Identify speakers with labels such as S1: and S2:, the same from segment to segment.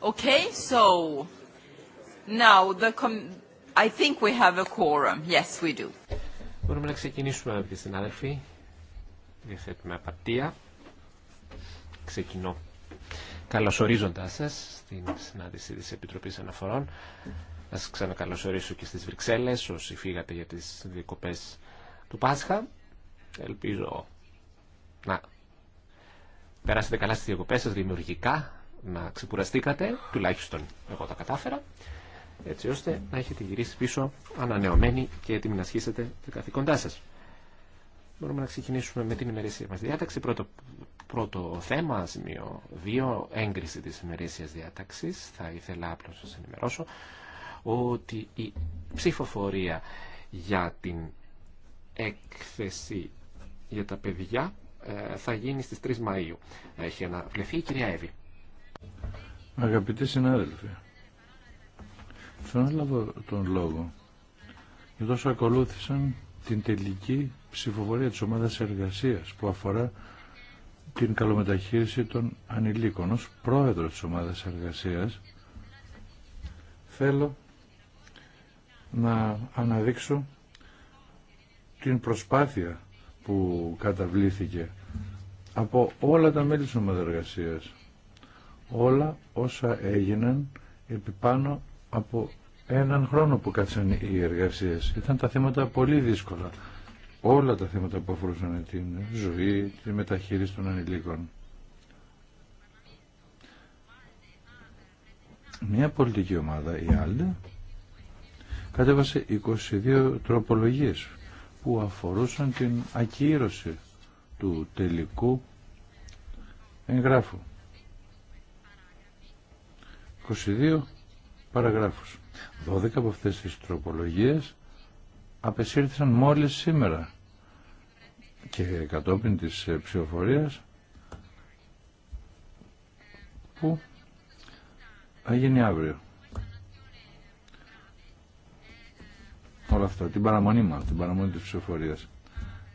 S1: Okay, so now the com I think we have a quorum. Yes, we do.
S2: Μπορούμε να ξεκινήσουμε, αγαπητοί συνάδελφοι. Διαθέτουμε απαρτία. Ξεκινώ. Καλωσορίζοντάς σας στην συνάντηση της Επιτροπής Αναφορών. Να σας ξανακαλωσορίσω και στις Βρυξέλλες, όσοι φύγατε για τις διακοπές του Πάσχα. Ελπίζω να περάσετε καλά στις διακοπές σας δημιουργικά, να ξεκουραστήκατε, τουλάχιστον εγώ τα κατάφερα, έτσι ώστε να έχετε γυρίσει πίσω ανανεωμένοι και έτοιμοι να ασχίσετε τα καθήκοντά σα. Μπορούμε να ξεκινήσουμε με την ημερήσια μα διάταξη. Πρώτο, πρώτο θέμα, σημείο 2, έγκριση τη ημερήσια διάταξη. Θα ήθελα απλώ να σα ενημερώσω ότι η ψηφοφορία για την έκθεση για τα παιδιά ε, θα γίνει στις 3 Μαΐου. Έχει αναβληθεί η κυρία Εύη.
S3: Αγαπητοί συνάδελφοι, θέλω να λάβω τον λόγο για τόσο ακολούθησαν την τελική ψηφοφορία της ομάδας εργασίας που αφορά την καλομεταχείριση των ανηλίκων. Ως πρόεδρος της ομάδας εργασίας θέλω να αναδείξω την προσπάθεια που καταβλήθηκε από όλα τα μέλη της ομάδας εργασίας όλα όσα έγιναν επί πάνω από έναν χρόνο που κάτσαν οι εργασίες. Ήταν τα θέματα πολύ δύσκολα. Όλα τα θέματα που αφορούσαν την ζωή, τη μεταχείριση των ανηλίκων. Μια πολιτική ομάδα, η άλλη, κατέβασε 22 τροπολογίες που αφορούσαν την ακύρωση του τελικού εγγράφου. 22 παραγράφους. 12 από αυτές τις τροπολογίες απεσύρθησαν μόλις σήμερα και κατόπιν της ε, ψηφοφορίας που θα γίνει αύριο. Όλα αυτά, την παραμονή μα, την παραμονή της ψηφοφορίας.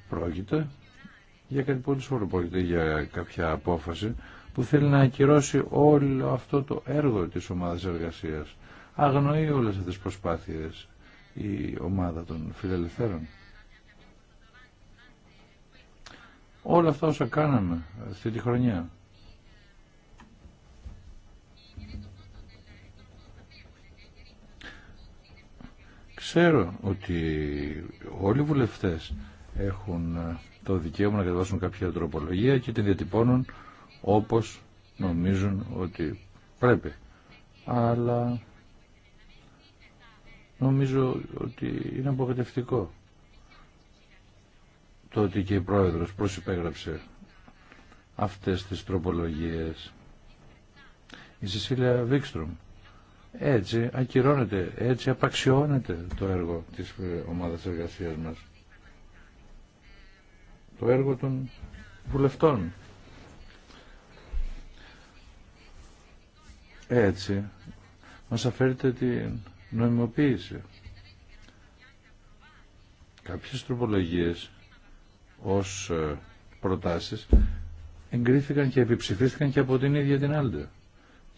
S3: Πρόκειται για κάτι πολύ σοβαρό, πρόκειται για κάποια απόφαση που θέλει να ακυρώσει όλο αυτό το έργο της ομάδας εργασίας. Αγνοεί όλες αυτές τις προσπάθειες η ομάδα των φιλελευθέρων. Όλα αυτά όσα κάναμε αυτή τη χρονιά. Ξέρω ότι όλοι οι βουλευτές έχουν το δικαίωμα να κατεβάσουν κάποια τροπολογία και την διατυπώνουν όπως νομίζουν ότι πρέπει. Αλλά νομίζω ότι είναι απογοητευτικό το ότι και η Πρόεδρος προσυπέγραψε αυτές τις τροπολογίες. Η Σεσίλια Βίξτρομ. Έτσι ακυρώνεται, έτσι απαξιώνεται το έργο της ε, ομάδας εργασίας μας. Το έργο των βουλευτών. Έτσι, μας αφαίρεται την νομιμοποίηση. Κάποιες τροπολογίες ως ε, προτάσεις εγκρίθηκαν και επιψηφίστηκαν και από την ίδια την άλλη.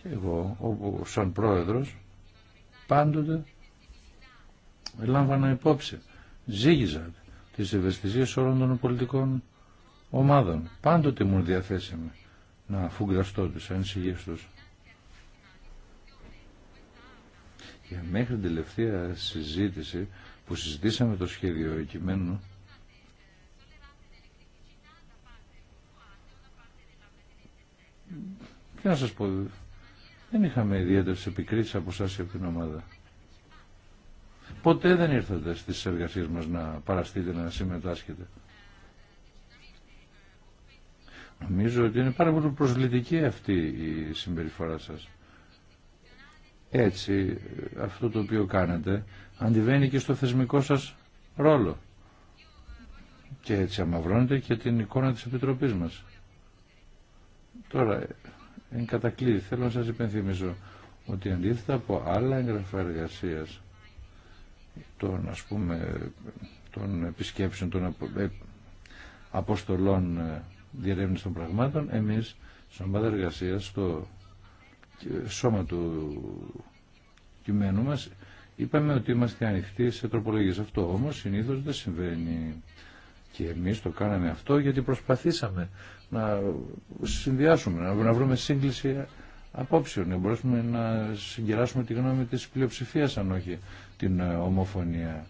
S3: Και εγώ, όπου σαν πρόεδρος, πάντοτε λάμβανα υπόψη, ζήγιζα τις ευαισθησίες όλων των πολιτικών ομάδων. Πάντοτε ήμουν διαθέσιμη να αφουγκραστώ τις ανησυχίες τους. μέχρι την τελευταία συζήτηση που συζητήσαμε το σχέδιο εκειμένου και να σας πω δεν είχαμε ιδιαίτερε επικρίσεις από εσάς από την ομάδα ποτέ δεν ήρθατε στις εργασίες μας να παραστείτε να συμμετάσχετε Νομίζω ότι είναι πάρα πολύ προσβλητική αυτή η συμπεριφορά σας. Έτσι, αυτό το οποίο κάνετε αντιβαίνει και στο θεσμικό σας ρόλο. Και έτσι αμαυρώνεται και την εικόνα της Επιτροπής μας. Τώρα, εν κατακλείδη, θέλω να σας υπενθυμίσω ότι αντίθετα από άλλα έγγραφα εργασία των, ας πούμε, των επισκέψεων, των ε, αποστολών ε, των πραγμάτων, εμείς, σαν πάντα εργασία στο σώμα του κειμένου μας είπαμε ότι είμαστε ανοιχτοί σε τροπολογίες. Αυτό όμως συνήθως δεν συμβαίνει. Και εμείς το κάναμε αυτό γιατί προσπαθήσαμε να συνδυάσουμε, να βρούμε σύγκληση απόψεων, να μπορέσουμε να συγκεράσουμε τη γνώμη της πλειοψηφία αν όχι την ομοφωνία.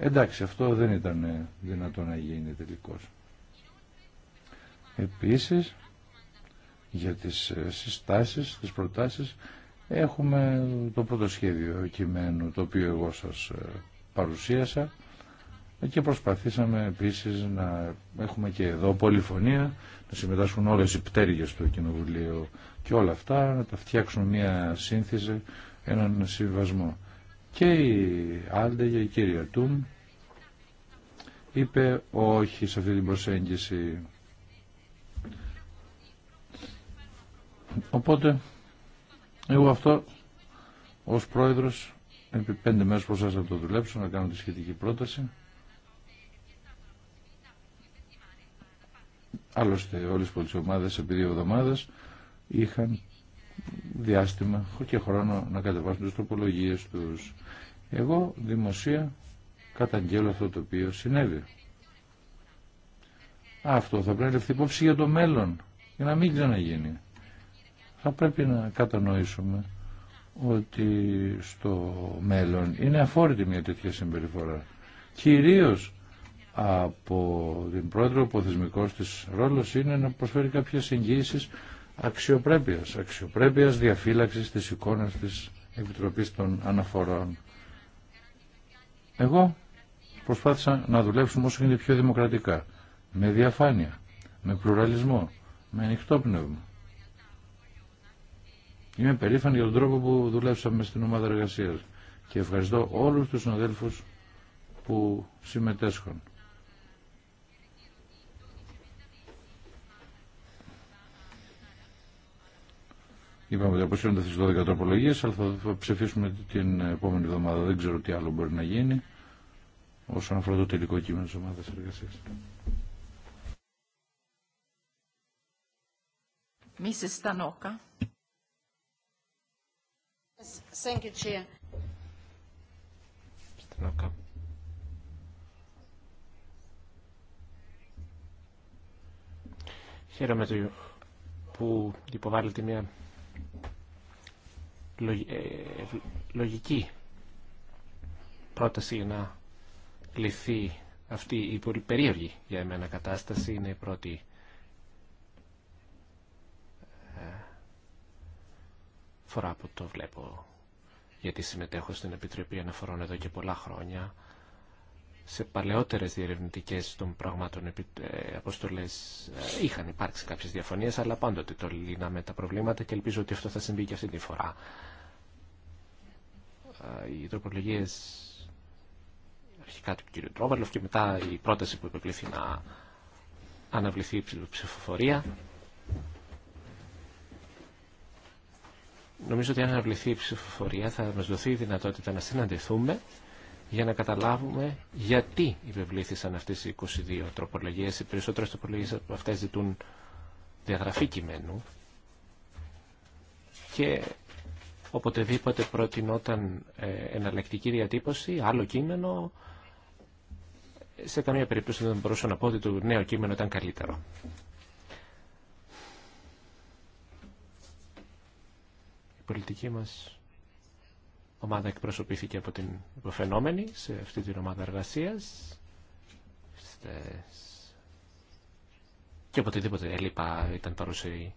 S3: Εντάξει, αυτό δεν ήταν δυνατό να γίνει τελικώς. Επίσης, για τις ε, συστάσεις, τις προτάσεις. Έχουμε το πρώτο σχέδιο κειμένου το οποίο εγώ σας ε, παρουσίασα και προσπαθήσαμε επίσης να έχουμε και εδώ πολυφωνία, να συμμετάσχουν όλες οι πτέρυγες του Κοινοβουλίου και όλα αυτά, να τα φτιάξουν μια σύνθεση, έναν συμβασμό. Και η Άλντε για η κυρία Τούμ είπε όχι σε αυτή την προσέγγιση Οπότε, εγώ αυτό ως πρόεδρος επί πέντε μέρες σας να το δουλέψω, να κάνω τη σχετική πρόταση. Άλλωστε όλες οι ομάδες επί δύο εβδομάδες είχαν διάστημα και χρόνο να κατεβάσουν τις τροπολογίες τους. Εγώ δημοσία καταγγέλω αυτό το οποίο συνέβη. Αυτό θα πρέπει να λεφθεί υπόψη για το μέλλον, για να μην ξαναγίνει θα πρέπει να κατανοήσουμε ότι στο μέλλον είναι αφόρητη μια τέτοια συμπεριφορά. Κυρίως από την πρόεδρο ο θεσμικός της ρόλος είναι να προσφέρει κάποιες εγγύησεις αξιοπρέπειας, αξιοπρέπειας διαφύλαξης της εικόνας της Επιτροπής των Αναφορών. Εγώ προσπάθησα να δουλέψουμε όσο γίνεται πιο δημοκρατικά, με διαφάνεια, με πλουραλισμό, με ανοιχτό πνεύμα. Είμαι περήφανη για τον τρόπο που δουλέψαμε στην ομάδα εργασία και ευχαριστώ όλους τους συναδέλφους που συμμετέσχουν. Είπαμε ότι αποσύρονται τι 12 τροπολογίε, αλλά θα ψηφίσουμε την επόμενη εβδομάδα. Δεν ξέρω τι άλλο μπορεί να γίνει όσον αφορά το τελικό κείμενο τη ομάδα εργασία.
S1: Mrs. Tanoka. Thank you,
S2: Χαίρομαι που υποβάλλεται μια ε, λογική πρόταση για να λυθεί αυτή η πολύ περίεργη για εμένα κατάσταση. Είναι η πρώτη φορά που το βλέπω γιατί συμμετέχω στην Επιτροπή Αναφορών εδώ και πολλά χρόνια σε παλαιότερες διερευνητικές των πραγμάτων ε, αποστολές ε, είχαν υπάρξει κάποιες διαφωνίες αλλά πάντοτε το λύναμε τα προβλήματα και ελπίζω ότι αυτό θα συμβεί και αυτή τη φορά. Ε, οι τροπολογίες αρχικά του κ. Τρόβαλοφ και μετά η πρόταση που υπεκλήθη να αναβληθεί η ψηφοφορία Νομίζω ότι αν αναβληθεί η ψηφοφορία θα μας δοθεί η δυνατότητα να συναντηθούμε για να καταλάβουμε γιατί υπευλήθησαν αυτές οι 22 τροπολογίες. Οι περισσότερες τροπολογίες από αυτές ζητούν διαγραφή κειμένου και οποτεδήποτε προτινόταν ε, εναλλακτική διατύπωση, άλλο κείμενο, σε καμία περίπτωση δεν μπορούσα να πω ότι το νέο κείμενο ήταν καλύτερο. πολιτική μας ομάδα εκπροσωπήθηκε από την υποφαινόμενη σε αυτή την ομάδα εργασίας και οποτεδήποτε έλειπα ήταν παρουσία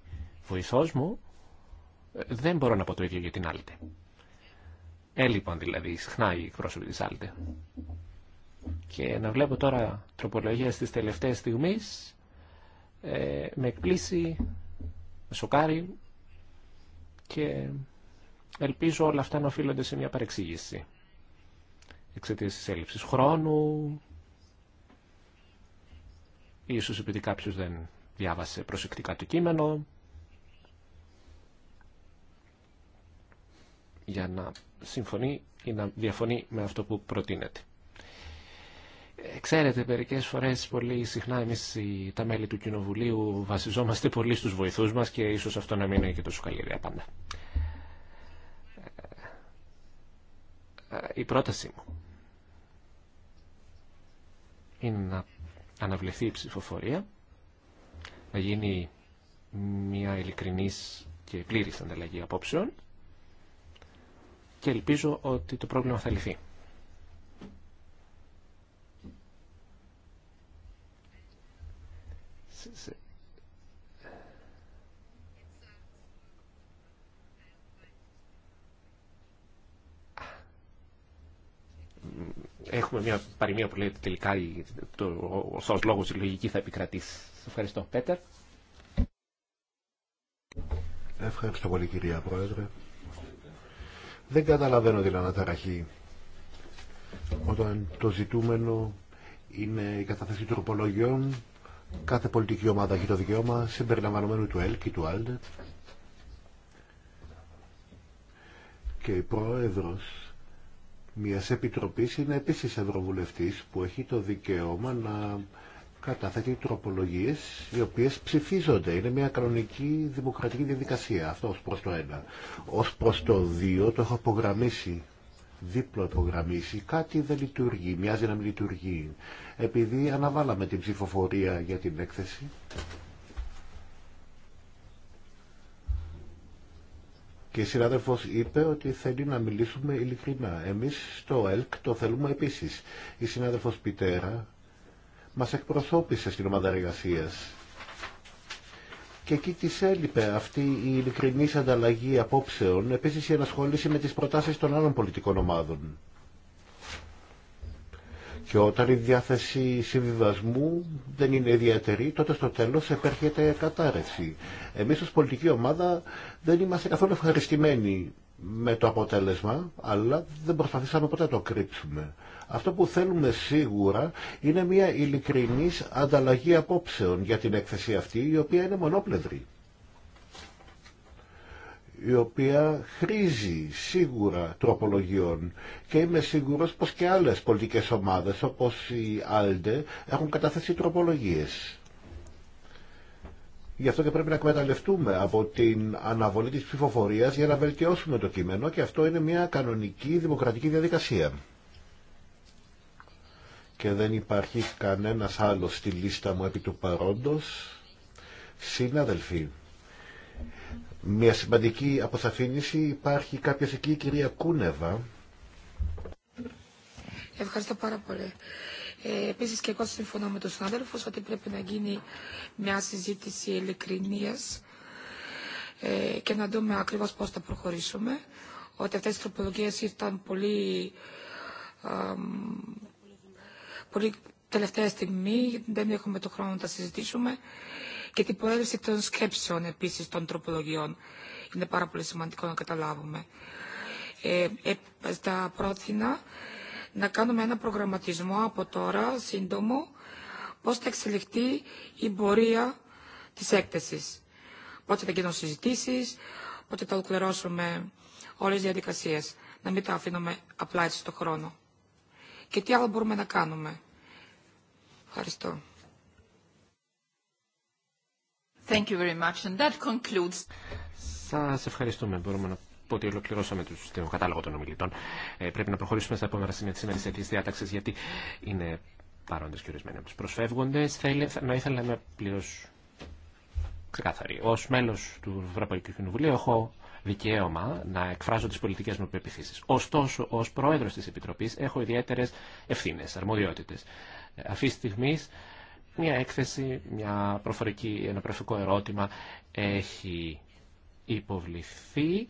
S2: βοηθός μου δεν μπορώ να πω το ίδιο για την άλλη. Ε, Έλειπαν δηλαδή συχνά οι εκπρόσωποι της άλλη Και να βλέπω τώρα τροπολογία στις τελευταίες στιγμής ε, με εκπλήσει, με σοκάρει και ελπίζω όλα αυτά να οφείλονται σε μια παρεξήγηση εξαιτία τη έλλειψη χρόνου. Ίσως επειδή κάποιος δεν διάβασε προσεκτικά το κείμενο. Για να συμφωνεί ή να διαφωνεί με αυτό που προτείνεται. Ξέρετε, μερικέ φορέ πολύ συχνά εμεί τα μέλη του Κοινοβουλίου βασιζόμαστε πολύ στου βοηθού μας και ίσως αυτό να μην είναι και τόσο καλή ιδέα πάντα. Ε, ε, η πρότασή μου είναι να αναβληθεί η ψηφοφορία, να γίνει μια ειλικρινή και πλήρη ανταλλαγή απόψεων και ελπίζω ότι το πρόβλημα θα λυθεί. Έχουμε μια παροιμία που λέει ότι τελικά το, ο σωστός λόγος, η λογική θα επικρατήσει. Σας ευχαριστώ. Πέτερ.
S4: Ευχαριστώ πολύ κυρία Πρόεδρε. Δεν καταλαβαίνω την αναταραχή όταν το ζητούμενο είναι η καταθέση τροπολογιών Κάθε πολιτική ομάδα έχει το δικαίωμα συμπεριλαμβανομένου του ΕΛΚ και του ΑΛΔΕ και η πρόεδρος μιας επιτροπής είναι επίσης ευρωβουλευτής που έχει το δικαίωμα να καταθέτει τροπολογίες οι οποίες ψηφίζονται. Είναι μια κανονική δημοκρατική διαδικασία. Αυτό ως προς το ένα. Ως προς το δύο το έχω απογραμμίσει δίπλο υπογραμμίσει, κάτι δεν λειτουργεί, μοιάζει να μην λειτουργεί. Επειδή αναβάλαμε την ψηφοφορία για την έκθεση, Και η συναδελφός είπε ότι θέλει να μιλήσουμε ειλικρινά. Εμείς στο ΕΛΚ το θέλουμε επίσης. Η συναδελφός Πιτέρα μας εκπροσώπησε στην ομάδα εργασίας και εκεί τη έλειπε αυτή η ειλικρινή ανταλλαγή απόψεων, επίση η ενασχόληση με τις προτάσεις των άλλων πολιτικών ομάδων. Και όταν η διάθεση συμβιβασμού δεν είναι ιδιαίτερη, τότε στο τέλος επέρχεται κατάρρευση. Εμείς ως πολιτική ομάδα δεν είμαστε καθόλου ευχαριστημένοι με το αποτέλεσμα, αλλά δεν προσπαθήσαμε ποτέ να το κρύψουμε. Αυτό που θέλουμε σίγουρα είναι μια ειλικρινής ανταλλαγή απόψεων για την έκθεση αυτή, η οποία είναι μονόπλευρη η οποία χρήζει σίγουρα τροπολογιών και είμαι σίγουρος πως και άλλες πολιτικές ομάδες όπως η Άλντε έχουν καταθέσει τροπολογίες. Γι' αυτό και πρέπει να εκμεταλλευτούμε από την αναβολή της ψηφοφορίας για να βελτιώσουμε το κείμενο και αυτό είναι μια κανονική δημοκρατική διαδικασία και δεν υπάρχει κανένας άλλος στη λίστα μου επί του παρόντος. Συνάδελφοι, μια σημαντική αποσαφήνιση υπάρχει κάποια εκεί η κυρία Κούνεβα.
S1: Ευχαριστώ πάρα πολύ. Ε, Επίση και εγώ συμφωνώ με τους συνάδελφους ότι πρέπει να γίνει μια συζήτηση ειλικρινίας ε, και να δούμε ακριβώς πώς θα προχωρήσουμε. Ότι αυτές οι τροπολογίες ήρθαν πολύ πολύ τελευταία στιγμή, γιατί δεν έχουμε το χρόνο να τα συζητήσουμε, και την προέλευση των σκέψεων επίσης των τροπολογιών. Είναι πάρα πολύ σημαντικό να καταλάβουμε. Ε, ε, στα πρότεινα να κάνουμε ένα προγραμματισμό από τώρα, σύντομο, πώς θα εξελιχθεί η πορεία της έκθεσης. Πότε θα γίνουν συζητήσεις, πότε θα ολοκληρώσουμε όλες τις διαδικασίες. Να μην τα αφήνουμε απλά έτσι το χρόνο και τι άλλο μπορούμε να κάνουμε. Ευχαριστώ. Thank you very much. And that concludes...
S2: Σας ευχαριστούμε. Μπορούμε να πω ότι ολοκληρώσαμε το τον κατάλογο των ομιλητών. Ε, πρέπει να προχωρήσουμε στα επόμενα σημεία της σημερινής της διάταξης, γιατί είναι παρόντες και ορισμένοι από τους προσφεύγοντες. Θα ήθελα, ήθελα να είμαι πλήρως ξεκάθαρη. Ως μέλος του Ευρωπαϊκού Κοινοβουλίου έχω δικαίωμα να εκφράζω τι πολιτικέ μου πεπιθήσει. Ωστόσο, ω πρόεδρο τη Επιτροπή έχω ιδιαίτερε ευθύνε, αρμοδιότητε. Αυτή τη στιγμή μια έκθεση, μια προφορική, ένα προφορικό ερώτημα έχει υποβληθεί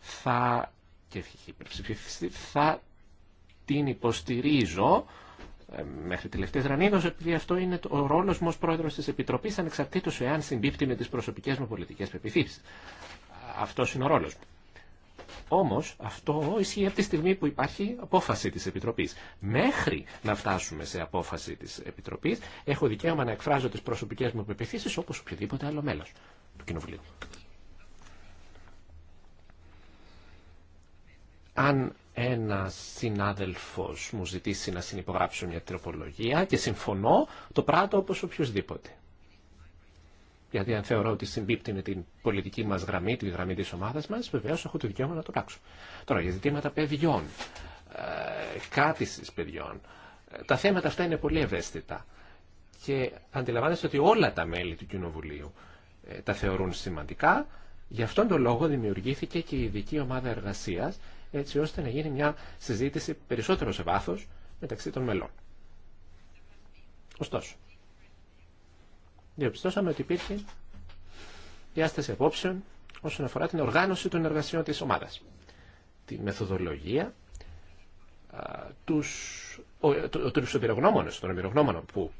S2: θα, και θα την υποστηρίζω ε, μέχρι τελευταία ρανίδο, επειδή αυτό είναι ο ρόλο μου ω πρόεδρο τη Επιτροπή, ανεξαρτήτω εάν συμπίπτει με τι προσωπικέ μου πολιτικέ πεπιθήσει. Αυτό είναι ο ρόλος μου. Όμως αυτό ισχύει από τη στιγμή που υπάρχει απόφαση της Επιτροπής. Μέχρι να φτάσουμε σε απόφαση της Επιτροπής έχω δικαίωμα να εκφράζω τις προσωπικές μου πεπιθήσει όπως οποιοδήποτε άλλο μέλος του Κοινοβουλίου. Αν ένα συνάδελφος μου ζητήσει να συνυπογράψω μια τροπολογία και συμφωνώ, το πράττω όπω οποιοδήποτε γιατί αν θεωρώ ότι συμπίπτει με την πολιτική μα γραμμή, τη γραμμή τη ομάδα μα, βεβαίω έχω το δικαίωμα να το πράξω. Τώρα, για ζητήματα παιδιών, ε, κράτηση παιδιών, ε, τα θέματα αυτά είναι πολύ ευαίσθητα. Και αντιλαμβάνεστε ότι όλα τα μέλη του Κοινοβουλίου ε, τα θεωρούν σημαντικά. Γι' αυτόν τον λόγο δημιουργήθηκε και η ειδική ομάδα εργασία έτσι ώστε να γίνει μια συζήτηση περισσότερο σε βάθο μεταξύ των μελών. Ωστόσο, διαπιστώσαμε ότι υπήρχε διάσταση απόψεων όσον αφορά την οργάνωση των εργασιών της ομάδας. Τη μεθοδολογία, τους, ο, τον που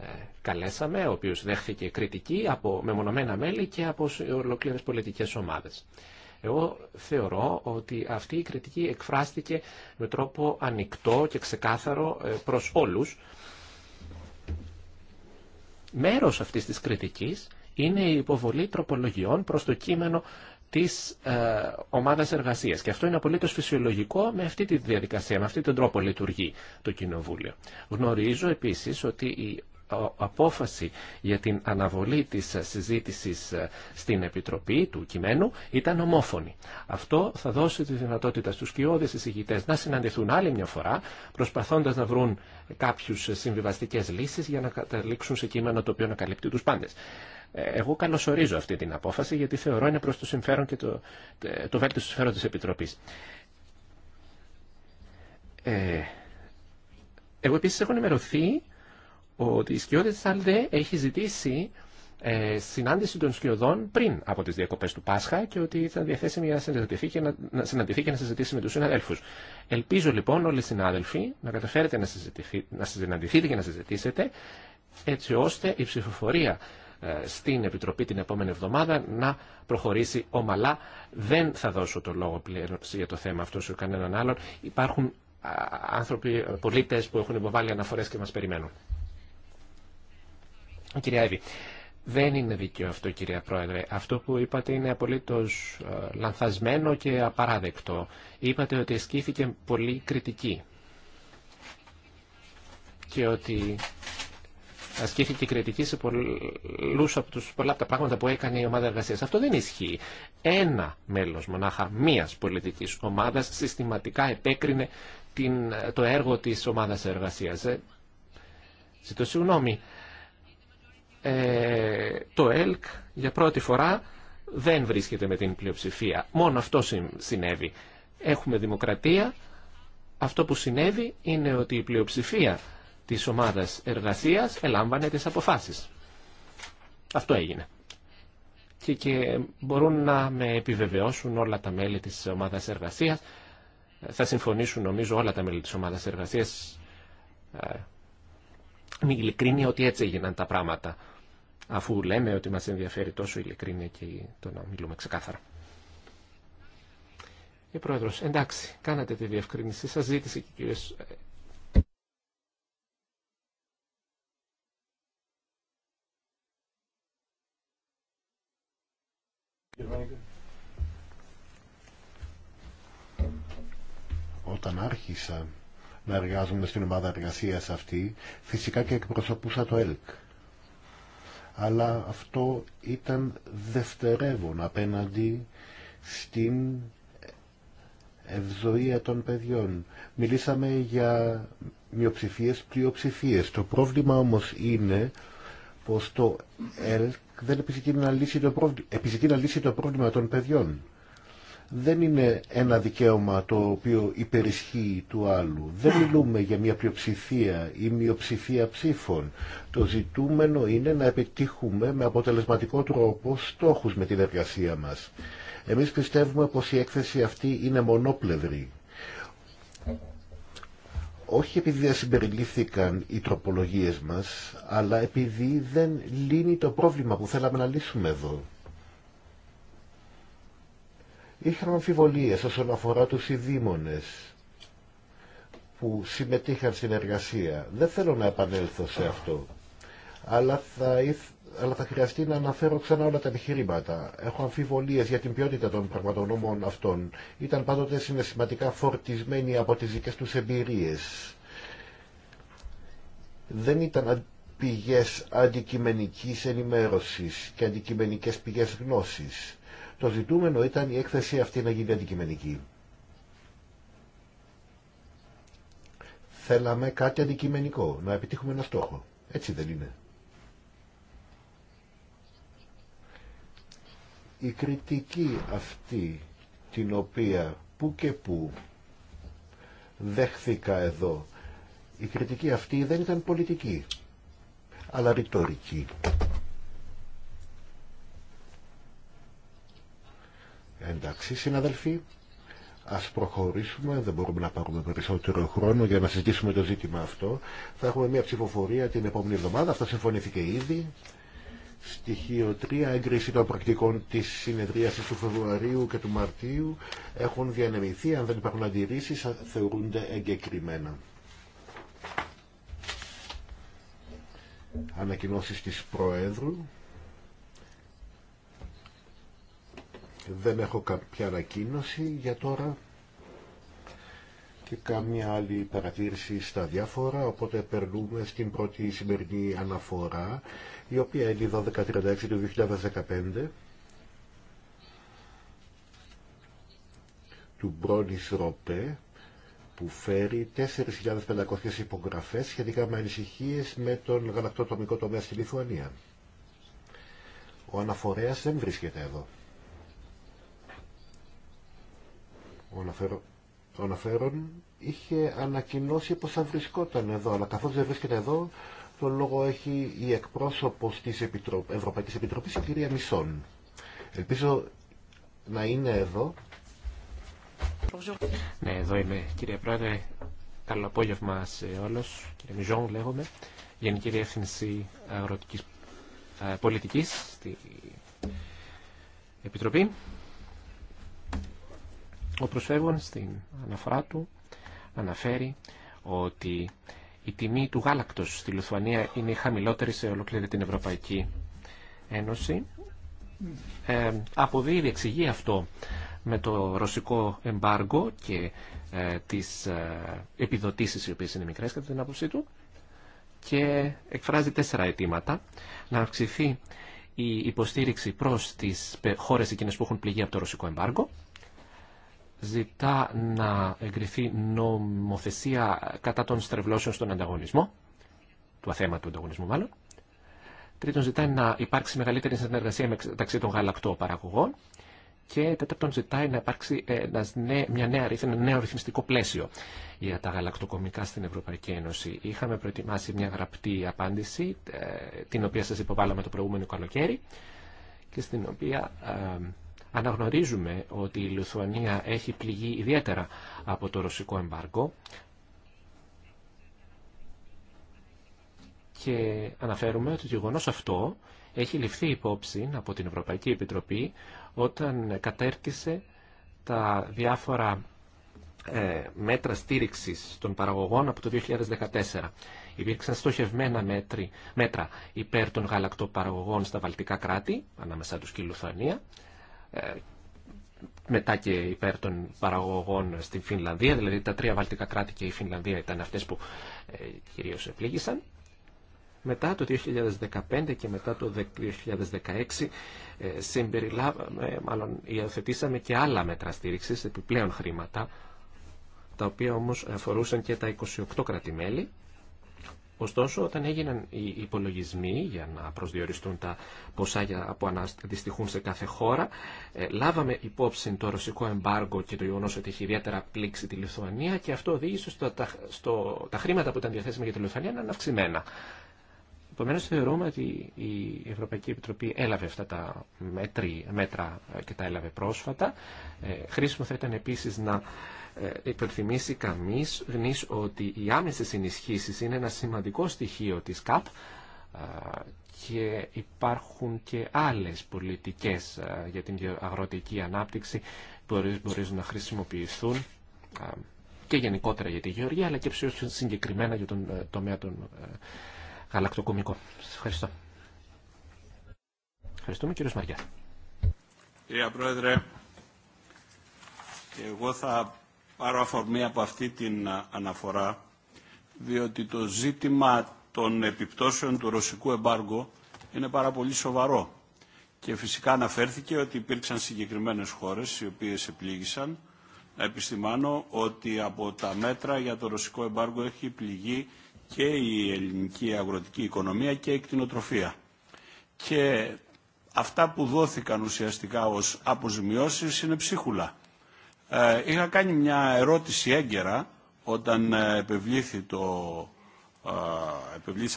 S2: ε, καλέσαμε, ο οποίος δέχθηκε κριτική από μεμονωμένα μέλη και από ολοκλήρες πολιτικές ομάδες. Εγώ θεωρώ ότι αυτή η κριτική εκφράστηκε με τρόπο ανοιχτό και ξεκάθαρο ε, προς όλους Μέρος αυτής της κριτικής είναι η υποβολή τροπολογιών προς το κείμενο της ε, ομάδας εργασίας. Και αυτό είναι απολύτως φυσιολογικό με αυτή τη διαδικασία, με αυτή τον τρόπο λειτουργεί το Κοινοβούλιο. Γνωρίζω επίσης ότι η απόφαση για την αναβολή της συζήτησης ε, στην Επιτροπή του κειμένου ήταν ομόφωνη. Αυτό θα δώσει τη δυνατότητα στους κοιόδες εισηγητές να συναντηθούν άλλη μια φορά, προσπαθώντας να βρουν κάποιους συμβιβαστικές λύσεις για να καταλήξουν σε κείμενο το οποίο να καλύπτει τους πάντες. Ε, εγώ καλωσορίζω αυτή την απόφαση γιατί θεωρώ είναι προς το συμφέρον και το, το βέλτιστο συμφέρον της Επιτροπής. Ε, εγώ επίσης έχω ενημερωθεί ότι η σκιώδη τη έχει ζητήσει ε, συνάντηση των σκιωδών πριν από τι διακοπέ του Πάσχα και ότι ήταν διαθέσιμη να συναντηθεί και να, να, συναντηθεί και να συζητήσει με του συναδέλφου. Ελπίζω λοιπόν όλοι οι συνάδελφοι να καταφέρετε να, να συναντηθείτε και να συζητήσετε έτσι ώστε η ψηφοφορία ε, στην Επιτροπή την επόμενη εβδομάδα να προχωρήσει ομαλά. Δεν θα δώσω το λόγο πλέον για το θέμα αυτό σε κανέναν άλλον. Υπάρχουν άνθρωποι, ε, πολίτες που έχουν υποβάλει αναφορές και μας περιμένουν. Κυρία Εύη, δεν είναι δίκαιο αυτό κυρία Πρόεδρε. Αυτό που είπατε είναι απολύτως ε, λανθασμένο και απαράδεκτο. Είπατε ότι ασκήθηκε πολύ κριτική και ότι ασκήθηκε κριτική σε πολλούς από πολλά από τα πράγματα που έκανε η ομάδα εργασίας. Αυτό δεν ισχύει. Ένα μέλος μονάχα μίας πολιτικής ομάδας συστηματικά επέκρινε την, το έργο της ομάδας εργασίας. Ε, ζητώ συγγνώμη ε, το ΕΛΚ για πρώτη φορά δεν βρίσκεται με την πλειοψηφία. Μόνο αυτό συνέβη. Έχουμε δημοκρατία. Αυτό που συνέβη είναι ότι η πλειοψηφία της ομάδας εργασίας ελάμβανε τις αποφάσεις. Αυτό έγινε. Και, και μπορούν να με επιβεβαιώσουν όλα τα μέλη της ομάδας εργασίας. Θα συμφωνήσουν νομίζω όλα τα μέλη της ομάδας εργασίας ε, με ειλικρίνεια ότι έτσι έγιναν τα πράγματα αφού λέμε ότι μας ενδιαφέρει τόσο η ειλικρίνεια και το να μιλούμε ξεκάθαρα. Και ε, πρόεδρος, εντάξει, κάνατε τη διευκρίνηση, σας ζήτησε και κύριος...
S4: Όταν άρχισα να εργάζομαι στην ομάδα εργασίας αυτή, φυσικά και εκπροσωπούσα το ΕΛΚ αλλά αυτό ήταν δευτερεύον απέναντι στην ευζοία των παιδιών. Μιλήσαμε για μειοψηφίες, πλειοψηφίες. Το πρόβλημα όμως είναι πως το ΕΛΚ δεν επιζητεί να λύσει το πρόβλημα των παιδιών δεν είναι ένα δικαίωμα το οποίο υπερισχύει του άλλου. Δεν μιλούμε για μια πλειοψηφία ή μειοψηφία ψήφων. Το ζητούμενο είναι να επιτύχουμε με αποτελεσματικό τρόπο στόχους με την εργασία μας. Εμείς πιστεύουμε πως η έκθεση αυτή είναι μονόπλευρη. Όχι επειδή δεν συμπεριλήφθηκαν οι τροπολογίες μας, αλλά επειδή δεν λύνει το πρόβλημα που θέλαμε να λύσουμε εδώ. Είχαμε αμφιβολίες όσον αφορά τους ειδήμονες που συμμετείχαν στην εργασία. Δεν θέλω να επανέλθω σε αυτό, αλλά θα, αλλά θα χρειαστεί να αναφέρω ξανά όλα τα επιχειρήματα. Έχω αμφιβολίες για την ποιότητα των πραγματονόμων αυτών. Ήταν πάντοτε συναισθηματικά φορτισμένοι από τις δικές τους εμπειρίες. Δεν ήταν πηγές αντικειμενικής ενημέρωσης και αντικειμενικές πηγές γνώσης. Το ζητούμενο ήταν η έκθεση αυτή να γίνει αντικειμενική. Θέλαμε κάτι αντικειμενικό, να επιτύχουμε ένα στόχο. Έτσι δεν είναι. Η κριτική αυτή την οποία που και που δέχθηκα εδώ, η κριτική αυτή δεν ήταν πολιτική, αλλά ρητορική. Εντάξει, συναδελφοί, ας προχωρήσουμε, δεν μπορούμε να πάρουμε περισσότερο χρόνο για να συζητήσουμε το ζήτημα αυτό. Θα έχουμε μια ψηφοφορία την επόμενη εβδομάδα, αυτό συμφωνήθηκε ήδη. Στοιχείο 3, έγκριση των πρακτικών της συνεδρίασης του Φεβρουαρίου και του Μαρτίου έχουν διανεμηθεί, αν δεν υπάρχουν αντιρρήσεις θεωρούνται εγκεκριμένα. Ανακοινώσεις της Προέδρου. Δεν έχω κάποια ανακοίνωση για τώρα και κάμια άλλη παρατήρηση στα διάφορα, οπότε περνούμε στην πρώτη σημερινή αναφορά, η οποία είναι η 1236 του 2015 του Μπρόνις Ροπέ, που φέρει 4.500 υπογραφές σχετικά με ανησυχίες με τον γαλακτοτομικό τομέα στη Λιθουανία. Ο αναφορέας δεν βρίσκεται εδώ. ο, αναφέρον, είχε ανακοινώσει πως θα βρισκόταν εδώ, αλλά καθώς δεν βρίσκεται εδώ, το λόγο έχει η εκπρόσωπος της Επιτρο... Ευρωπαϊκής Επιτροπής, η κυρία Μισόν. Ελπίζω να είναι εδώ.
S2: Ναι, εδώ είμαι. Κύριε Πρόεδρε, καλό απόγευμα σε όλους. Κύριε Μιζόν λέγομαι, Γενική Διεύθυνση Αγροτικής ε, Πολιτικής στη Επιτροπή. Ο προσφεύγων στην αναφορά του αναφέρει ότι η τιμή του γάλακτος στη Λουθουανία είναι η χαμηλότερη σε ολόκληρη την Ευρωπαϊκή Ένωση. Ε, αποδίδει, εξηγεί αυτό με το ρωσικό εμπάργκο και ε, τις ε, επιδοτήσεις οι οποίες είναι μικρές κατά την άποψή του και εκφράζει τέσσερα αιτήματα. Να αυξηθεί η υποστήριξη προς τις χώρες εκείνες που έχουν πληγεί από το ρωσικό εμπάργκο, ζητά να εγκριθεί νομοθεσία κατά των στρεβλώσεων στον ανταγωνισμό, του του ανταγωνισμού μάλλον. Τρίτον, ζητάει να υπάρξει μεγαλύτερη συνεργασία μεταξύ των παραγωγών. Και τέταρτον, ζητάει να υπάρξει ε, μια νέα, ένα νέο ρυθμιστικό πλαίσιο για τα γαλακτοκομικά στην Ευρωπαϊκή Ένωση. Είχαμε προετοιμάσει μια γραπτή απάντηση, ε, την οποία σα υποβάλαμε το προηγούμενο καλοκαίρι και στην οποία ε, Αναγνωρίζουμε ότι η Λιθουανία έχει πληγεί ιδιαίτερα από το ρωσικό εμπάργκο και αναφέρουμε ότι το γεγονό αυτό έχει ληφθεί υπόψη από την Ευρωπαϊκή Επιτροπή όταν κατέρτισε τα διάφορα ε, μέτρα στήριξης των παραγωγών από το 2014. Υπήρξαν στοχευμένα μέτρη, μέτρα υπέρ των γαλακτοπαραγωγών στα βαλτικά κράτη, ανάμεσά τους και η Λουθανία, ε, μετά και υπέρ των παραγωγών στην Φινλανδία, δηλαδή τα τρία βαλτικά κράτη και η Φινλανδία ήταν αυτές που ε, κυρίως επλήγησαν. Μετά το 2015 και μετά το 2016 ε, συμπεριλάβαμε, μάλλον υιοθετήσαμε και άλλα μέτρα στήριξης, επιπλέον χρήματα, τα οποία όμως αφορούσαν και τα 28 κράτη-μέλη. Ωστόσο, όταν έγιναν οι υπολογισμοί για να προσδιοριστούν τα ποσά που αντιστοιχούν σε κάθε χώρα, ε, λάβαμε υπόψη το ρωσικό εμπάργκο και το γεγονό ότι έχει ιδιαίτερα πλήξει τη Λιθουανία και αυτό οδήγησε στο, τα, τα χρήματα που ήταν διαθέσιμα για τη Λιθουανία να είναι αυξημένα. Επομένω, θεωρούμε ότι η Ευρωπαϊκή Επιτροπή έλαβε αυτά τα μέτρα και τα έλαβε πρόσφατα. Ε, χρήσιμο θα ήταν επίση να υπενθυμίσει κανείς ότι οι άμεσε ενισχύσεις είναι ένα σημαντικό στοιχείο της ΚΑΠ και υπάρχουν και άλλες πολιτικές για την αγροτική ανάπτυξη που μπορεί να χρησιμοποιηθούν και γενικότερα για τη γεωργία αλλά και πιο συγκεκριμένα για τον ε, τομέα των ε, γαλακτοκομικών. Σας ευχαριστώ. Ευχαριστούμε κύριο Μαριά.
S5: Πρόεδρε, εγώ θα πάρω αφορμή από αυτή την αναφορά, διότι το ζήτημα των επιπτώσεων του ρωσικού εμπάργου είναι πάρα πολύ σοβαρό. Και φυσικά αναφέρθηκε ότι υπήρξαν συγκεκριμένες χώρες οι οποίες επλήγησαν. Να επιστημάνω ότι από τα μέτρα για το ρωσικό εμπάργο έχει πληγεί και η ελληνική αγροτική οικονομία και η κτηνοτροφία. Και αυτά που δόθηκαν ουσιαστικά ως αποζημιώσεις είναι ψίχουλα. Ε, είχα κάνει μια ερώτηση έγκαιρα όταν ε, ε, επευλήθησαν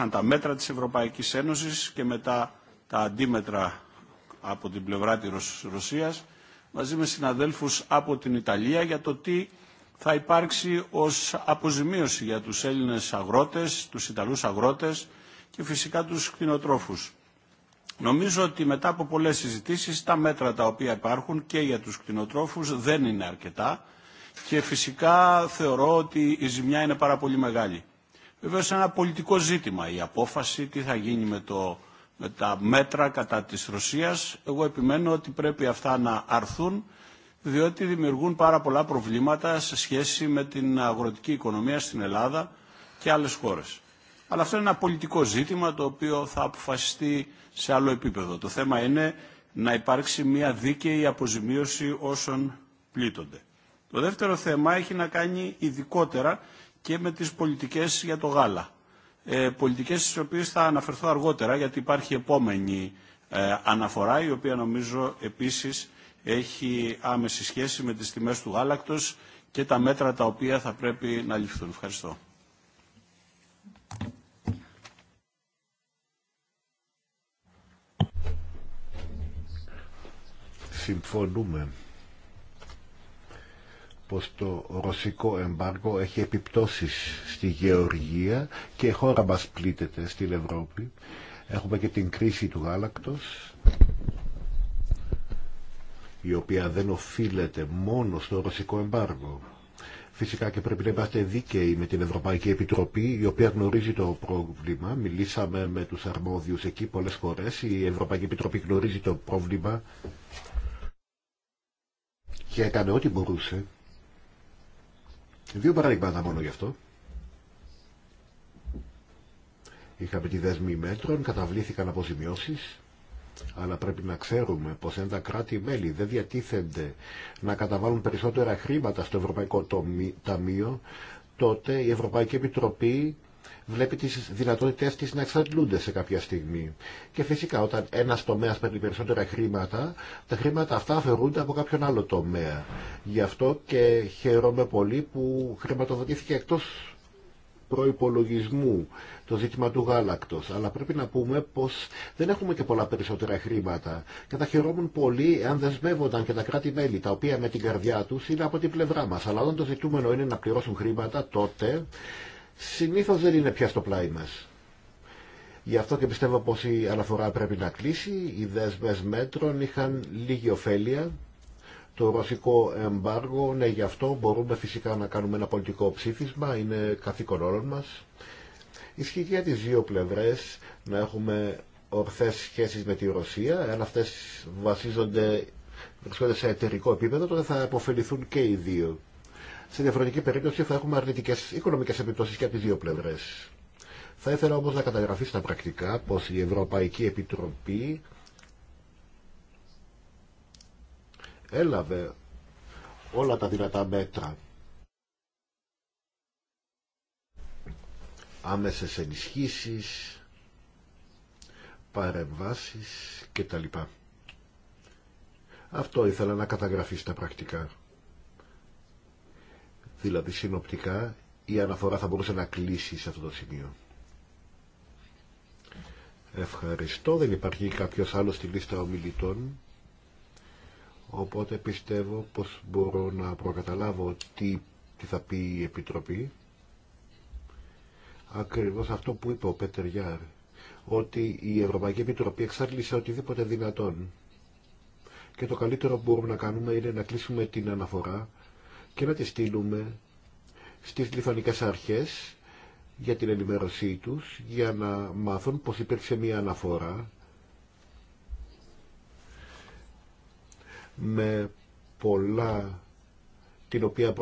S5: το, τα μέτρα της Ευρωπαϊκής Ένωσης και μετά τα αντίμετρα από την πλευρά της Ρωσίας μαζί με συναδέλφους από την Ιταλία για το τι θα υπάρξει ως αποζημίωση για τους Έλληνες αγρότες, τους Ιταλούς αγρότες και φυσικά τους κτηνοτρόφους. Νομίζω ότι μετά από πολλές συζητήσεις τα μέτρα τα οποία υπάρχουν και για τους κτηνοτρόφους δεν είναι αρκετά και φυσικά θεωρώ ότι η ζημιά είναι πάρα πολύ μεγάλη. Βέβαια σε ένα πολιτικό ζήτημα η απόφαση τι θα γίνει με, το, τα μέτρα κατά της Ρωσίας. Εγώ επιμένω ότι πρέπει αυτά να αρθούν διότι δημιουργούν πάρα πολλά προβλήματα σε σχέση με την αγροτική οικονομία στην Ελλάδα και άλλες χώρες. Αλλά αυτό είναι ένα πολιτικό ζήτημα το οποίο θα αποφασιστεί σε άλλο επίπεδο. Το θέμα είναι να υπάρξει μια δίκαιη αποζημίωση όσων πλήττονται. Το δεύτερο θέμα έχει να κάνει ειδικότερα και με τις πολιτικές για το γάλα. Ε, πολιτικές στις οποίες θα αναφερθώ αργότερα γιατί υπάρχει επόμενη ε, αναφορά η οποία νομίζω επίσης έχει άμεση σχέση με τις τιμές του γάλακτος και τα μέτρα τα οποία θα πρέπει να ληφθούν. Ευχαριστώ.
S4: συμφωνούμε πως το ρωσικό εμπάργο έχει επιπτώσεις στη γεωργία και η χώρα μας πλήττεται στην Ευρώπη. Έχουμε και την κρίση του γάλακτος, η οποία δεν οφείλεται μόνο στο ρωσικό εμπάργο. Φυσικά και πρέπει να είμαστε δίκαιοι με την Ευρωπαϊκή Επιτροπή, η οποία γνωρίζει το πρόβλημα. Μιλήσαμε με τους αρμόδιους εκεί πολλές φορές. Η Ευρωπαϊκή Επιτροπή γνωρίζει το πρόβλημα και έκανε ό,τι μπορούσε. Δύο παραδείγματα μόνο γι' αυτό. Είχαμε τη δέσμη μέτρων, καταβλήθηκαν αποζημιώσεις, αλλά πρέπει να ξέρουμε πως αν τα κράτη-μέλη δεν διατίθενται να καταβάλουν περισσότερα χρήματα στο Ευρωπαϊκό Ταμείο, τότε η Ευρωπαϊκή Επιτροπή βλέπει τις δυνατότητές της να εξαντλούνται σε κάποια στιγμή. Και φυσικά όταν ένας τομέας παίρνει περισσότερα χρήματα, τα χρήματα αυτά αφαιρούνται από κάποιον άλλο τομέα. Γι' αυτό και χαίρομαι πολύ που χρηματοδοτήθηκε εκτός προϋπολογισμού το ζήτημα του γάλακτος. Αλλά πρέπει να πούμε πως δεν έχουμε και πολλά περισσότερα χρήματα. Και θα χαιρόμουν πολύ εάν δεσμεύονταν και τα κράτη-μέλη, τα οποία με την καρδιά τους είναι από την πλευρά μας. Αλλά όταν το ζητούμενο είναι να πληρώσουν χρήματα, τότε συνήθως δεν είναι πια στο πλάι μας. Γι' αυτό και πιστεύω πως η αναφορά πρέπει να κλείσει. Οι δέσμες μέτρων είχαν λίγη ωφέλεια. Το ρωσικό εμπάργο, ναι γι' αυτό μπορούμε φυσικά να κάνουμε ένα πολιτικό ψήφισμα, είναι καθήκον όλων μας. Ισχύει και για τις δύο πλευρές να έχουμε ορθές σχέσεις με τη Ρωσία. Αν αυτές βασίζονται, βρίσκονται σε εταιρικό επίπεδο, τότε θα αποφεληθούν και οι δύο. Σε διαφορετική περίπτωση θα έχουμε αρνητικέ οικονομικές επιπτώσεις και από τις δύο πλευρές. Θα ήθελα όμως να καταγραφεί στα πρακτικά πως η Ευρωπαϊκή Επιτροπή έλαβε όλα τα δυνατά μέτρα άμεσες ενισχύσεις, παρεμβάσεις κτλ. Αυτό ήθελα να καταγραφεί στα πρακτικά. Δηλαδή συνοπτικά η αναφορά θα μπορούσε να κλείσει σε αυτό το σημείο. Ευχαριστώ. Δεν υπάρχει κάποιος άλλος στη λίστα ομιλητών. Οπότε πιστεύω πως μπορώ να προκαταλάβω τι, τι θα πει η Επιτροπή. Ακριβώς αυτό που είπε ο Πέτερ Γιάρ. Ότι η Ευρωπαϊκή Επιτροπή εξάρτησε οτιδήποτε δυνατόν. Και το καλύτερο που μπορούμε να κάνουμε είναι να κλείσουμε την αναφορά και να τη στείλουμε στις λιθωνικές αρχές για την ενημέρωσή τους, για να μάθουν πως υπήρξε μία αναφορά με πολλά την οποία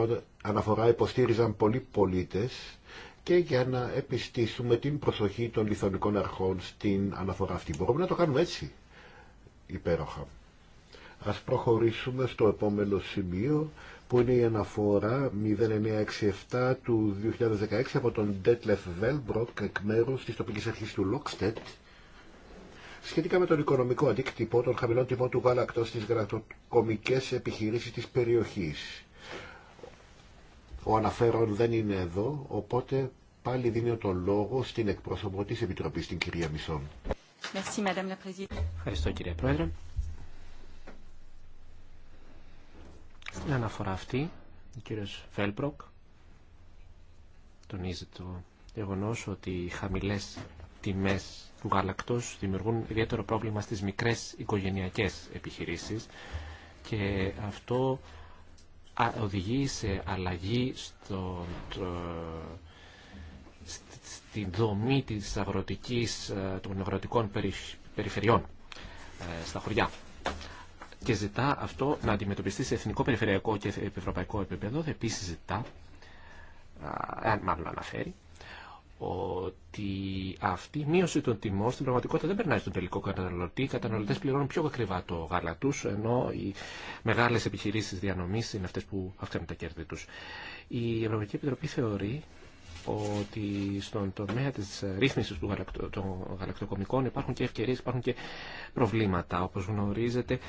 S4: αναφορά υποστήριζαν πολλοί πολίτες και για να επιστήσουμε την προσοχή των λιθωνικών αρχών στην αναφορά αυτή. Μπορούμε να το κάνουμε έτσι υπέροχα. Ας προχωρήσουμε στο επόμενο σημείο που είναι η αναφορά 0967 του 2016 από τον Detlef Velbrock εκ μέρους της τοπικής αρχής του Λόκστετ σχετικά με τον οικονομικό αντίκτυπο των χαμηλών τιμών του γάλακτος στις γραφτοκομικές επιχειρήσεις της περιοχής. Ο αναφέρον δεν είναι εδώ, οπότε πάλι δίνει το λόγο στην εκπρόσωπο της Επιτροπής, την κυρία Μισόν.
S2: Ευχαριστώ κύριε Πρόεδρε. Στην αναφορά αυτή, ο κύριος Φέλπροκ τονίζει το γεγονό ότι οι χαμηλές τιμές του γάλακτος δημιουργούν ιδιαίτερο πρόβλημα στις μικρές οικογενειακές επιχειρήσεις και αυτό οδηγεί σε αλλαγή στο, στη δομή της αγροτικής, ε, των αγροτικών περιφερειών ε, στα χωριά και ζητά αυτό να αντιμετωπιστεί σε εθνικό, περιφερειακό και ευρωπαϊκό επίπεδο. Επίση ζητά, αν ε, μάλλον αναφέρει, ότι αυτή η μείωση των τιμών στην πραγματικότητα δεν περνάει στον τελικό καταναλωτή. Οι καταναλωτέ πληρώνουν πιο ακριβά το γάλα του, ενώ οι μεγάλε επιχειρήσει διανομή είναι αυτέ που αυξάνουν τα κέρδη του. Η Ευρωπαϊκή Επιτροπή θεωρεί ότι στον τομέα τη ρύθμιση των γαλακτοκομικών υπάρχουν και ευκαιρίε, υπάρχουν και προβλήματα. όπω γνωρίζετε,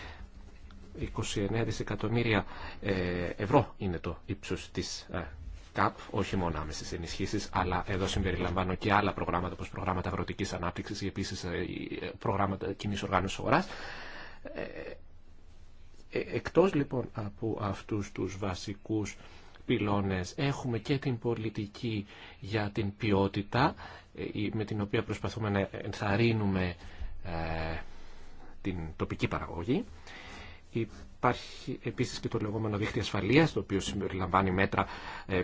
S2: 29 δισεκατομμύρια ε, ευρώ είναι το ύψος της ε, ΚΑΠ, όχι μόνο άμεση ενισχύσει, αλλά εδώ συμπεριλαμβάνω και άλλα προγράμματα, όπω προγράμματα αγροτική ανάπτυξη και επίση ε, προγράμματα κοινή οργάνωση αγορά. Εκτός λοιπόν από αυτούς τους βασικούς πυλώνες έχουμε και την πολιτική για την ποιότητα με την οποία προσπαθούμε να ενθαρρύνουμε την τοπική παραγωγή Υπάρχει επίσης και το λεγόμενο δίχτυ ασφαλείας, το οποίο συμπεριλαμβάνει μέτρα ε,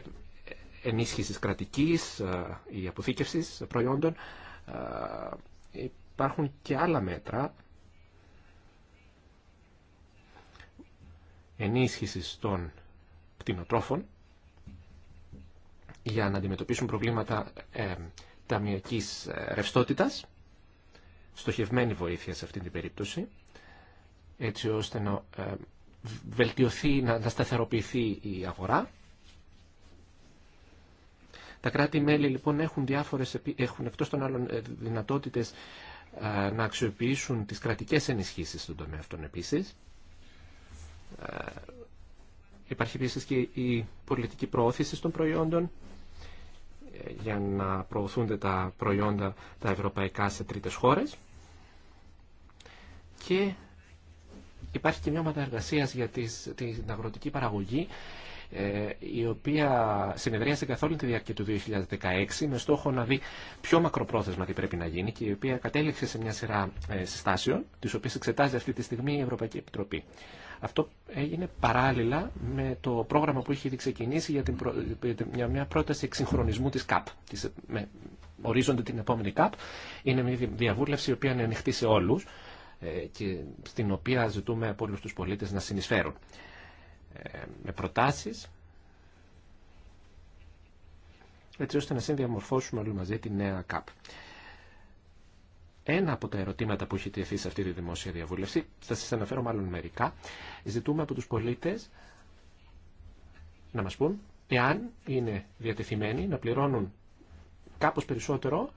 S2: ενίσχυσης κρατικής ε, ή αποθήκευσης προϊόντων. Ε, υπάρχουν και άλλα μέτρα ενίσχυσης των κτηνοτρόφων για να αντιμετωπίσουν προβλήματα ε, ταμιακής ρευστότητας, στοχευμένη βοήθεια σε αυτή την περίπτωση έτσι ώστε να ε, βελτιωθεί, να, σταθεροποιηθεί η αγορά. Τα κράτη-μέλη λοιπόν έχουν, διάφορες, έχουν εκτός των άλλων ε, δυνατότητες ε, να αξιοποιήσουν τις κρατικές ενισχύσεις στον τομέα αυτών επίσης. Υπάρχει επίσης και η πολιτική προώθηση των προϊόντων για να προωθούνται τα προϊόντα τα ευρωπαϊκά σε τρίτες χώρες και υπάρχει και μια ομάδα εργασία για τις, την αγροτική παραγωγή, ε, η οποία συνεδρίασε καθ' όλη τη διάρκεια του 2016 με στόχο να δει πιο μακροπρόθεσμα τι πρέπει να γίνει και η οποία κατέληξε σε μια σειρά ε, συστάσεων, τις οποίες εξετάζει αυτή τη στιγμή η Ευρωπαϊκή Επιτροπή. Αυτό έγινε παράλληλα με το πρόγραμμα που είχε ήδη ξεκινήσει για, την προ... μια πρόταση εξυγχρονισμού της ΚΑΠ. Της... Με... Ορίζονται την επόμενη ΚΑΠ. Είναι μια διαβούλευση η οποία είναι ανοιχτή σε όλους ε, και στην οποία ζητούμε από όλους τους πολίτες να συνεισφέρουν. Ε, με προτάσεις έτσι ώστε να συνδιαμορφώσουμε όλοι μαζί τη νέα ΚΑΠ. Ένα από τα ερωτήματα που έχει τεθεί σε αυτή τη δημόσια διαβούλευση, θα σας αναφέρω μάλλον μερικά, ζητούμε από τους πολίτες να μας πούν εάν είναι διατεθειμένοι να πληρώνουν κάπως περισσότερο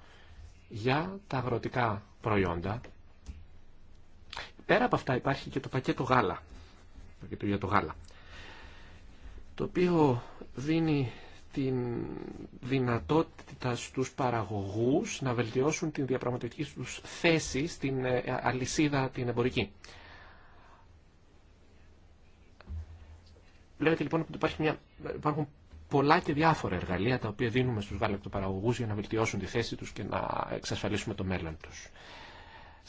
S2: για τα αγροτικά προϊόντα Πέρα από αυτά υπάρχει και το πακέτο γάλα, το για το γάλα, το οποίο δίνει την δυνατότητα στους παραγωγούς να βελτιώσουν την διαπραγματευτική τους θέση στην ε, αλυσίδα την εμπορική. Βλέπετε λοιπόν ότι υπάρχει μια, υπάρχουν πολλά και διάφορα εργαλεία τα οποία δίνουμε στους παραγωγούς για να βελτιώσουν τη θέση τους και να εξασφαλίσουμε το μέλλον τους.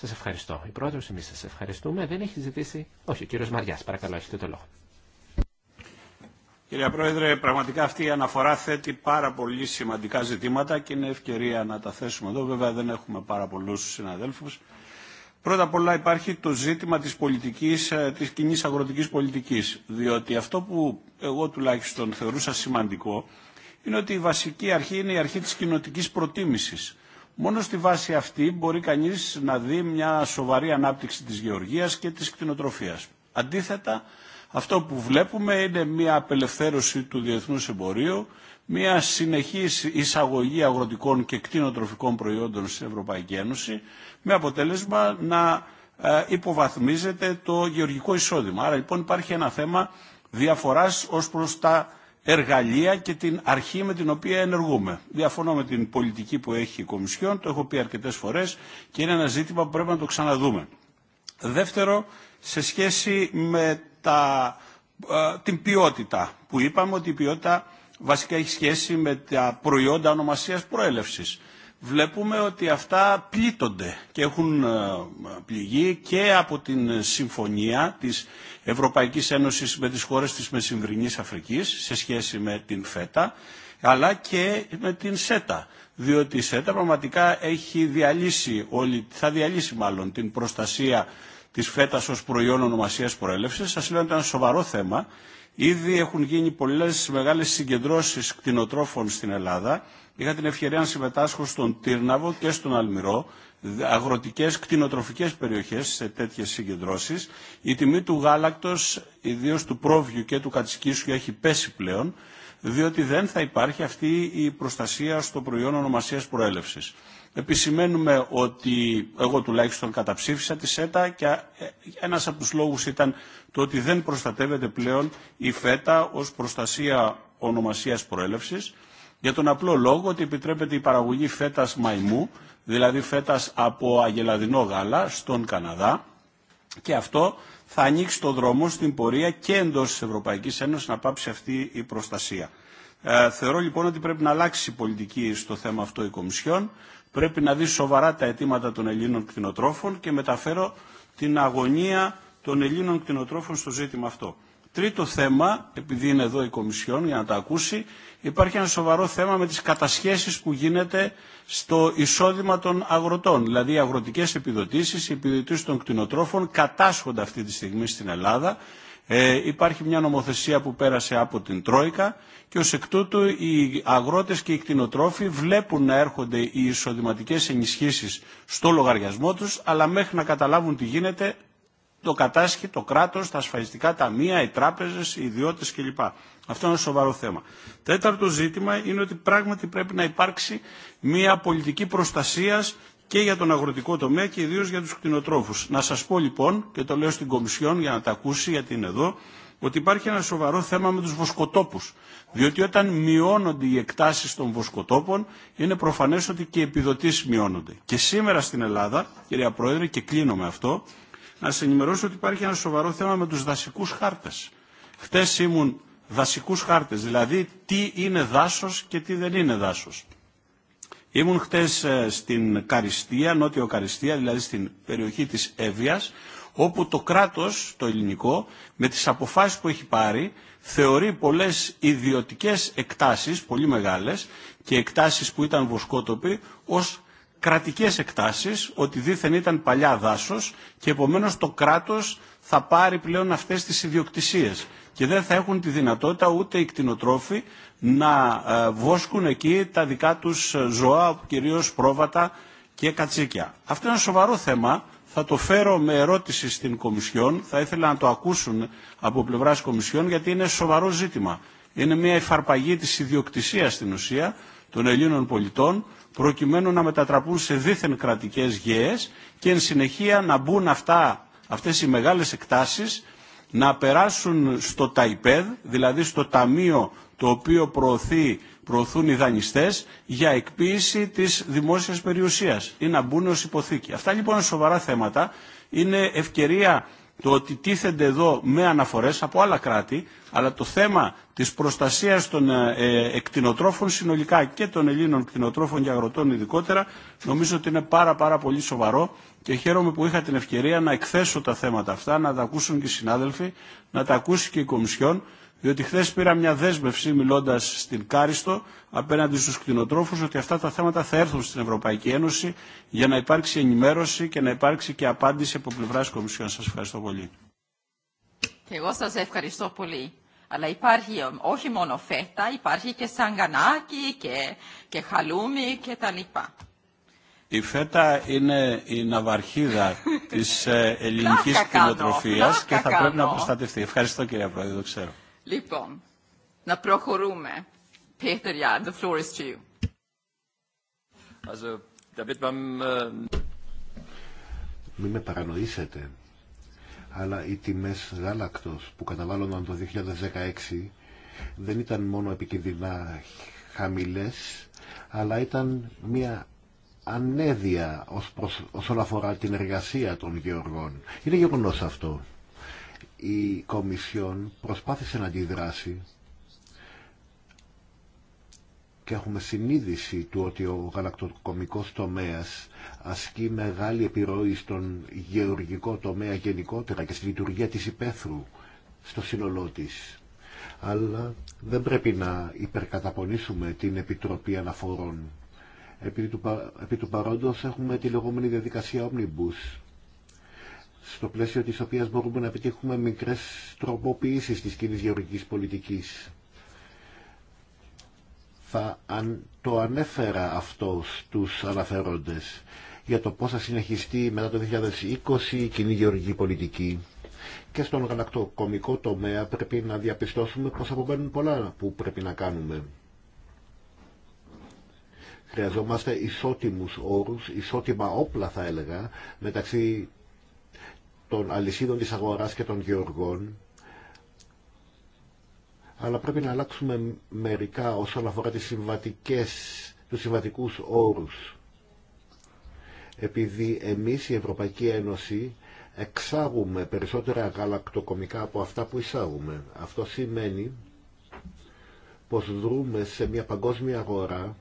S2: Σα ευχαριστώ. Η πρόεδρος, εμεί σα ευχαριστούμε. Δεν έχει ζητήσει... Όχι, ο κύριο Μαριά, παρακαλώ, έχετε το λόγο.
S5: Κύριε Πρόεδρε, πραγματικά αυτή η αναφορά θέτει πάρα πολύ σημαντικά ζητήματα και είναι ευκαιρία να τα θέσουμε εδώ. Βέβαια δεν έχουμε πάρα πολλού συναδέλφου. Πρώτα απ' όλα υπάρχει το ζήτημα της, πολιτικής, ε, της κοινής αγροτικής πολιτικής, διότι αυτό που εγώ τουλάχιστον θεωρούσα σημαντικό είναι ότι η βασική αρχή είναι η αρχή της κοινοτικής προτίμησης. Μόνο στη βάση αυτή μπορεί κανείς να δει μια σοβαρή ανάπτυξη της γεωργίας και της κτηνοτροφίας. Αντίθετα, αυτό που βλέπουμε είναι μια απελευθέρωση του διεθνούς εμπορίου, μια συνεχή εισαγωγή αγροτικών και κτηνοτροφικών προϊόντων στην Ευρωπαϊκή Ένωση, με αποτέλεσμα να ε, υποβαθμίζεται το γεωργικό εισόδημα. Άρα λοιπόν υπάρχει ένα θέμα διαφοράς ως προς τα εργαλεία και την αρχή με την οποία ενεργούμε. Διαφωνώ με την πολιτική που έχει η Κομισιόν, το έχω πει αρκετές φορές και είναι ένα ζήτημα που πρέπει να το ξαναδούμε. Δεύτερο, σε σχέση με τα, ε, την ποιότητα, που είπαμε ότι η ποιότητα βασικά έχει σχέση με τα προϊόντα ονομασίας προέλευσης. Βλέπουμε ότι αυτά πλήττονται και έχουν ε, πληγεί και από την συμφωνία της Ευρωπαϊκής Ένωσης με τις χώρες της Μεσημβρινής Αφρικής σε σχέση με την ΦΕΤΑ αλλά και με την ΣΕΤΑ διότι η ΣΕΤΑ πραγματικά έχει διαλύσει όλη, θα διαλύσει μάλλον την προστασία της ΦΕΤΑ ως προϊόν ονομασίας προέλευσης. Σας λέω ότι ήταν σοβαρό θέμα. Ήδη έχουν γίνει πολλές μεγάλες συγκεντρώσεις κτηνοτρόφων στην Ελλάδα. Είχα την ευκαιρία να συμμετάσχω στον Τύρναβο και στον Αλμυρό αγροτικές κτηνοτροφικές περιοχές σε τέτοιες συγκεντρώσεις. Η τιμή του γάλακτος, ιδίως του πρόβιου και του κατσικίσου, έχει πέσει πλέον, διότι δεν θα υπάρχει αυτή η προστασία στο προϊόν ονομασίας προέλευσης. Επισημαίνουμε ότι εγώ τουλάχιστον καταψήφισα τη ΣΕΤΑ και ένας από τους λόγους ήταν το ότι δεν προστατεύεται πλέον η ΦΕΤΑ ως προστασία ονομασίας προέλευσης για τον απλό λόγο ότι επιτρέπεται η παραγωγή φέτας μαϊμού, δηλαδή φέτας από αγελαδινό γάλα στον Καναδά και αυτό θα ανοίξει το δρόμο στην πορεία και εντός της Ευρωπαϊκής Ένωσης να πάψει αυτή η προστασία. Ε, θεωρώ λοιπόν ότι πρέπει να αλλάξει η πολιτική στο θέμα αυτό η Κομισιόν, πρέπει να δει σοβαρά τα αιτήματα των Ελλήνων κτηνοτρόφων και μεταφέρω την αγωνία των Ελλήνων κτηνοτρόφων στο ζήτημα αυτό. Τρίτο θέμα, επειδή είναι εδώ η Κομισιόν για να τα ακούσει, υπάρχει ένα σοβαρό θέμα με τις κατασχέσεις που γίνεται στο εισόδημα των αγροτών. Δηλαδή οι αγροτικές επιδοτήσεις, οι επιδοτήσεις των κτηνοτρόφων κατάσχονται αυτή τη στιγμή στην Ελλάδα. Ε, υπάρχει μια νομοθεσία που πέρασε από την Τρόικα και ως εκ τούτου οι αγρότες και οι κτηνοτρόφοι βλέπουν να έρχονται οι εισοδηματικές ενισχύσεις στο λογαριασμό τους αλλά μέχρι να καταλάβουν τι γίνεται το κατάσχει το κράτο, τα ασφαλιστικά ταμεία, οι τράπεζε, οι ιδιώτε κλπ. Αυτό είναι ένα σοβαρό θέμα. Τέταρτο ζήτημα είναι ότι πράγματι πρέπει να υπάρξει μια πολιτική προστασία και για τον αγροτικό τομέα και ιδίω για του κτηνοτρόφου. Να σα πω λοιπόν, και το λέω στην Κομισιόν για να τα ακούσει, γιατί είναι εδώ, ότι υπάρχει ένα σοβαρό θέμα με του βοσκοτόπου. Διότι όταν μειώνονται οι εκτάσει των βοσκοτόπων, είναι προφανέ ότι και οι επιδοτήσει μειώνονται. Και σήμερα στην Ελλάδα, κυρία Πρόεδρε, και κλείνω με αυτό, να σα ενημερώσω ότι υπάρχει ένα σοβαρό θέμα με του δασικού χάρτε. Χτε ήμουν δασικού χάρτε, δηλαδή τι είναι δάσο και τι δεν είναι δάσο. Ήμουν χτε ε, στην Καριστία, νότιο Καριστία, δηλαδή στην περιοχή τη Εύβοια, όπου το κράτος, το ελληνικό, με τις αποφάσεις που έχει πάρει, θεωρεί πολλές ιδιωτικέ εκτάσει, πολύ μεγάλε, και εκτάσει που ήταν βοσκότοποι, ως κρατικές εκτάσεις, ότι δήθεν ήταν παλιά δάσος και επομένως το κράτος θα πάρει πλέον αυτές τις ιδιοκτησίες και δεν θα έχουν τη δυνατότητα ούτε οι κτηνοτρόφοι να ε, βόσκουν εκεί τα δικά τους ε, ζώα, κυρίως πρόβατα και κατσίκια. Αυτό είναι ένα σοβαρό θέμα. Θα το φέρω με ερώτηση στην Κομισιόν. Θα ήθελα να το ακούσουν από πλευρά Κομισιόν γιατί είναι σοβαρό ζήτημα. Είναι μια εφαρπαγή της ιδιοκτησίας στην ουσία των Ελλήνων πολιτών προκειμένου να μετατραπούν σε δίθεν κρατικές γεές και εν συνεχεία να μπουν αυτά, αυτές οι μεγάλες εκτάσεις να περάσουν στο ΤΑΙΠΕΔ, δηλαδή στο ταμείο το οποίο προωθεί, προωθούν οι δανειστές για εκποίηση της δημόσιας περιουσίας ή να μπουν ως υποθήκη. Αυτά λοιπόν είναι σοβαρά θέματα. Είναι ευκαιρία το ότι τίθενται εδώ με αναφορές από άλλα κράτη, αλλά το θέμα της προστασίας των ε, ε, εκτινοτρόφων συνολικά και των Ελλήνων εκτινοτρόφων και αγροτών ειδικότερα, νομίζω ότι είναι πάρα πάρα πολύ σοβαρό και χαίρομαι που είχα την ευκαιρία να εκθέσω τα θέματα αυτά, να τα ακούσουν και οι συνάδελφοι, να τα ακούσει και η Κομισιόν, διότι χθε πήρα μια δέσμευση μιλώντα στην Κάριστο απέναντι στου κτηνοτρόφου ότι αυτά τα θέματα θα έρθουν στην Ευρωπαϊκή Ένωση για να υπάρξει ενημέρωση και να υπάρξει και απάντηση από πλευρά Κομισιόν. Σα ευχαριστώ πολύ.
S1: Και εγώ σα ευχαριστώ πολύ. Αλλά υπάρχει όχι μόνο φέτα, υπάρχει και σαγκανάκι και, και χαλούμι και τα λοιπά.
S5: Η φέτα είναι η ναυαρχίδα της ε, ελληνικής κτηνοτροφίας και θα πρέπει να προστατευτεί. Ευχαριστώ κυρία Πρόεδρε, το ξέρω.
S1: Λοιπόν, να προχωρούμε. Πέτερ the floor is to you. Äh,
S4: Μην με παρανοήσετε, αλλά οι τιμές γάλακτος που καταβάλλονταν το 2016 δεν ήταν μόνο επικίνδυνα χαμηλές, αλλά ήταν μια ανέδεια ως προς, όσον αφορά την εργασία των γεωργών. Είναι γεγονός αυτό η Κομισιόν προσπάθησε να αντιδράσει και έχουμε συνείδηση του ότι ο γαλακτοκομικός τομέας ασκεί μεγάλη επιρροή στον γεωργικό τομέα γενικότερα και στη λειτουργία της υπαίθρου στο σύνολό της. Αλλά δεν πρέπει να υπερκαταπονήσουμε την Επιτροπή Αναφορών. Επί του, παρόντος έχουμε τη λεγόμενη διαδικασία Omnibus στο πλαίσιο της οποίας μπορούμε να επιτύχουμε μικρές τροποποιήσεις της κοινή γεωργικής πολιτικής. Θα το ανέφερα αυτό στους αναφέροντες για το πώς θα συνεχιστεί μετά το 2020 η κοινή γεωργική πολιτική. Και στον γαλακτοκομικό τομέα πρέπει να διαπιστώσουμε πως απομένουν πολλά που πρέπει να κάνουμε. Χρειαζόμαστε ισότιμους όρους, ισότιμα όπλα θα έλεγα, μεταξύ των αλυσίδων της αγοράς και των γεωργών αλλά πρέπει να αλλάξουμε μερικά όσον αφορά τις συμβατικές, τους συμβατικούς όρους επειδή εμείς η Ευρωπαϊκή Ένωση εξάγουμε περισσότερα γαλακτοκομικά από αυτά που εισάγουμε. Αυτό σημαίνει πως δρούμε σε μια παγκόσμια αγορά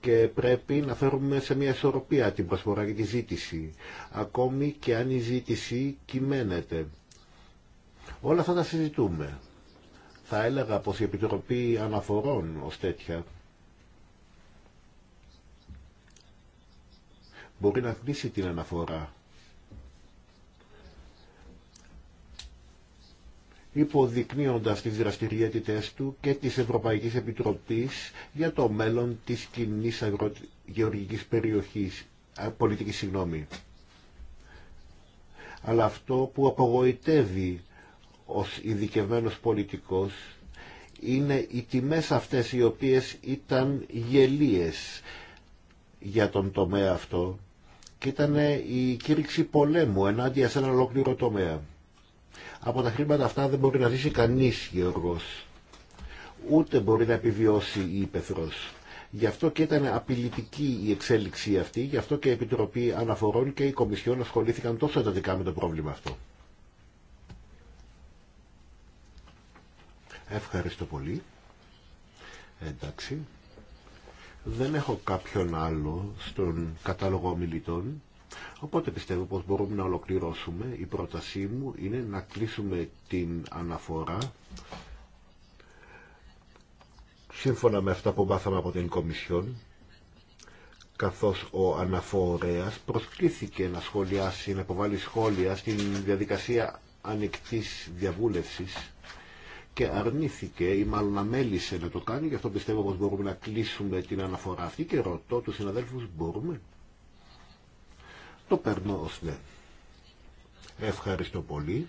S4: και πρέπει να φέρουμε σε μια ισορροπία την προσφορά και τη ζήτηση, ακόμη και αν η ζήτηση κυμαίνεται. Όλα αυτά τα συζητούμε. Θα έλεγα πως η Επιτροπή Αναφορών ως τέτοια μπορεί να κλείσει την αναφορά υποδεικνύοντας τις δραστηριότητες του και της Ευρωπαϊκής Επιτροπής για το μέλλον της κοινή αγρογεωργικής περιοχής, πολιτικής συγγνώμη. Αλλά αυτό που απογοητεύει ως ειδικευμένος πολιτικός είναι οι τιμές αυτές οι οποίες ήταν γελίες για τον τομέα αυτό και ήταν η κήρυξη πολέμου ενάντια σε ένα ολόκληρο τομέα. Από τα χρήματα αυτά δεν μπορεί να ζήσει κανείς γεωργός. Ούτε μπορεί να επιβιώσει η ύπεθρος. Γι' αυτό και ήταν απειλητική η εξέλιξη αυτή, γι' αυτό και η Επιτροπή Αναφορών και η Κομισιόν ασχολήθηκαν τόσο εντατικά με το πρόβλημα αυτό. Ευχαριστώ πολύ. Εντάξει. Δεν έχω κάποιον άλλο στον κατάλογο ομιλητών. Οπότε πιστεύω πως μπορούμε να ολοκληρώσουμε. Η πρότασή μου είναι να κλείσουμε την αναφορά σύμφωνα με αυτά που μάθαμε από την Κομισιόν καθώς ο αναφορέας προσκλήθηκε να σχολιάσει, να υποβάλει σχόλια στην διαδικασία ανοιχτής διαβούλευσης και αρνήθηκε ή μάλλον αμέλησε να το κάνει, γι' αυτό πιστεύω πως μπορούμε να κλείσουμε την αναφορά αυτή και ρωτώ τους συναδέλφους μπορούμε. Το παίρνω ναι. Ευχαριστώ πολύ.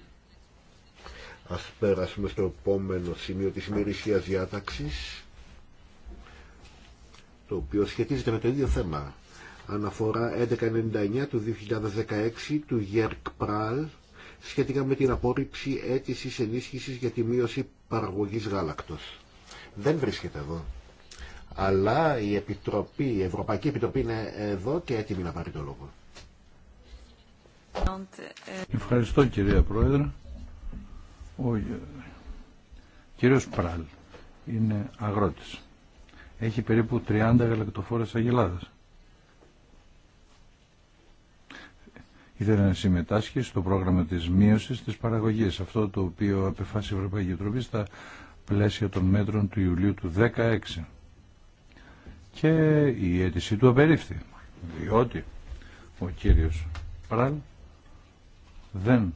S4: Ας πέρασουμε στο επόμενο σημείο της ημερησίας διάταξης, το οποίο σχετίζεται με το ίδιο θέμα. Αναφορά 1199 του 2016 του Γερκ Πράλ σχετικά με την απόρριψη αίτησης ενίσχυσης για τη μείωση παραγωγής γάλακτος. Δεν βρίσκεται εδώ. Αλλά η, Επιτροπή, η Ευρωπαϊκή Επιτροπή είναι εδώ και έτοιμη να πάρει το λόγο.
S3: Ευχαριστώ κυρία Πρόεδρε. Ο ε, κύριος Πράλ είναι αγρότης. Έχει περίπου 30 γαλακτοφόρες αγελάδες. Ήθελε να συμμετάσχει στο πρόγραμμα της μείωσης της παραγωγής. Αυτό το οποίο απεφάσισε η Ευρωπαϊκή Επιτροπή στα πλαίσια των μέτρων του Ιουλίου του 2016. Και η αίτησή του απερίφθη. Διότι ο κύριος Πράλ δεν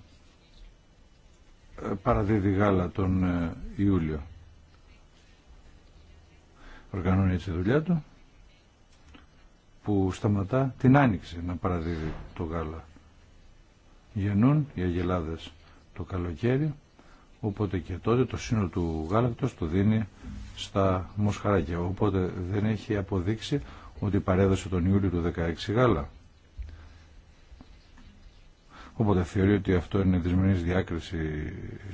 S3: ε, παραδίδει γάλα τον ε, Ιούλιο. Οργανώνει έτσι τη δουλειά του που σταματά την άνοιξη να παραδίδει το γάλα. Γεννούν οι αγελάδες το καλοκαίρι οπότε και τότε το σύνολο του γάλακτος το δίνει στα μοσχαράκια οπότε δεν έχει αποδείξει ότι παρέδωσε τον Ιούλιο του 16 γάλα. Οπότε θεωρεί ότι αυτό είναι δυσμενή διάκριση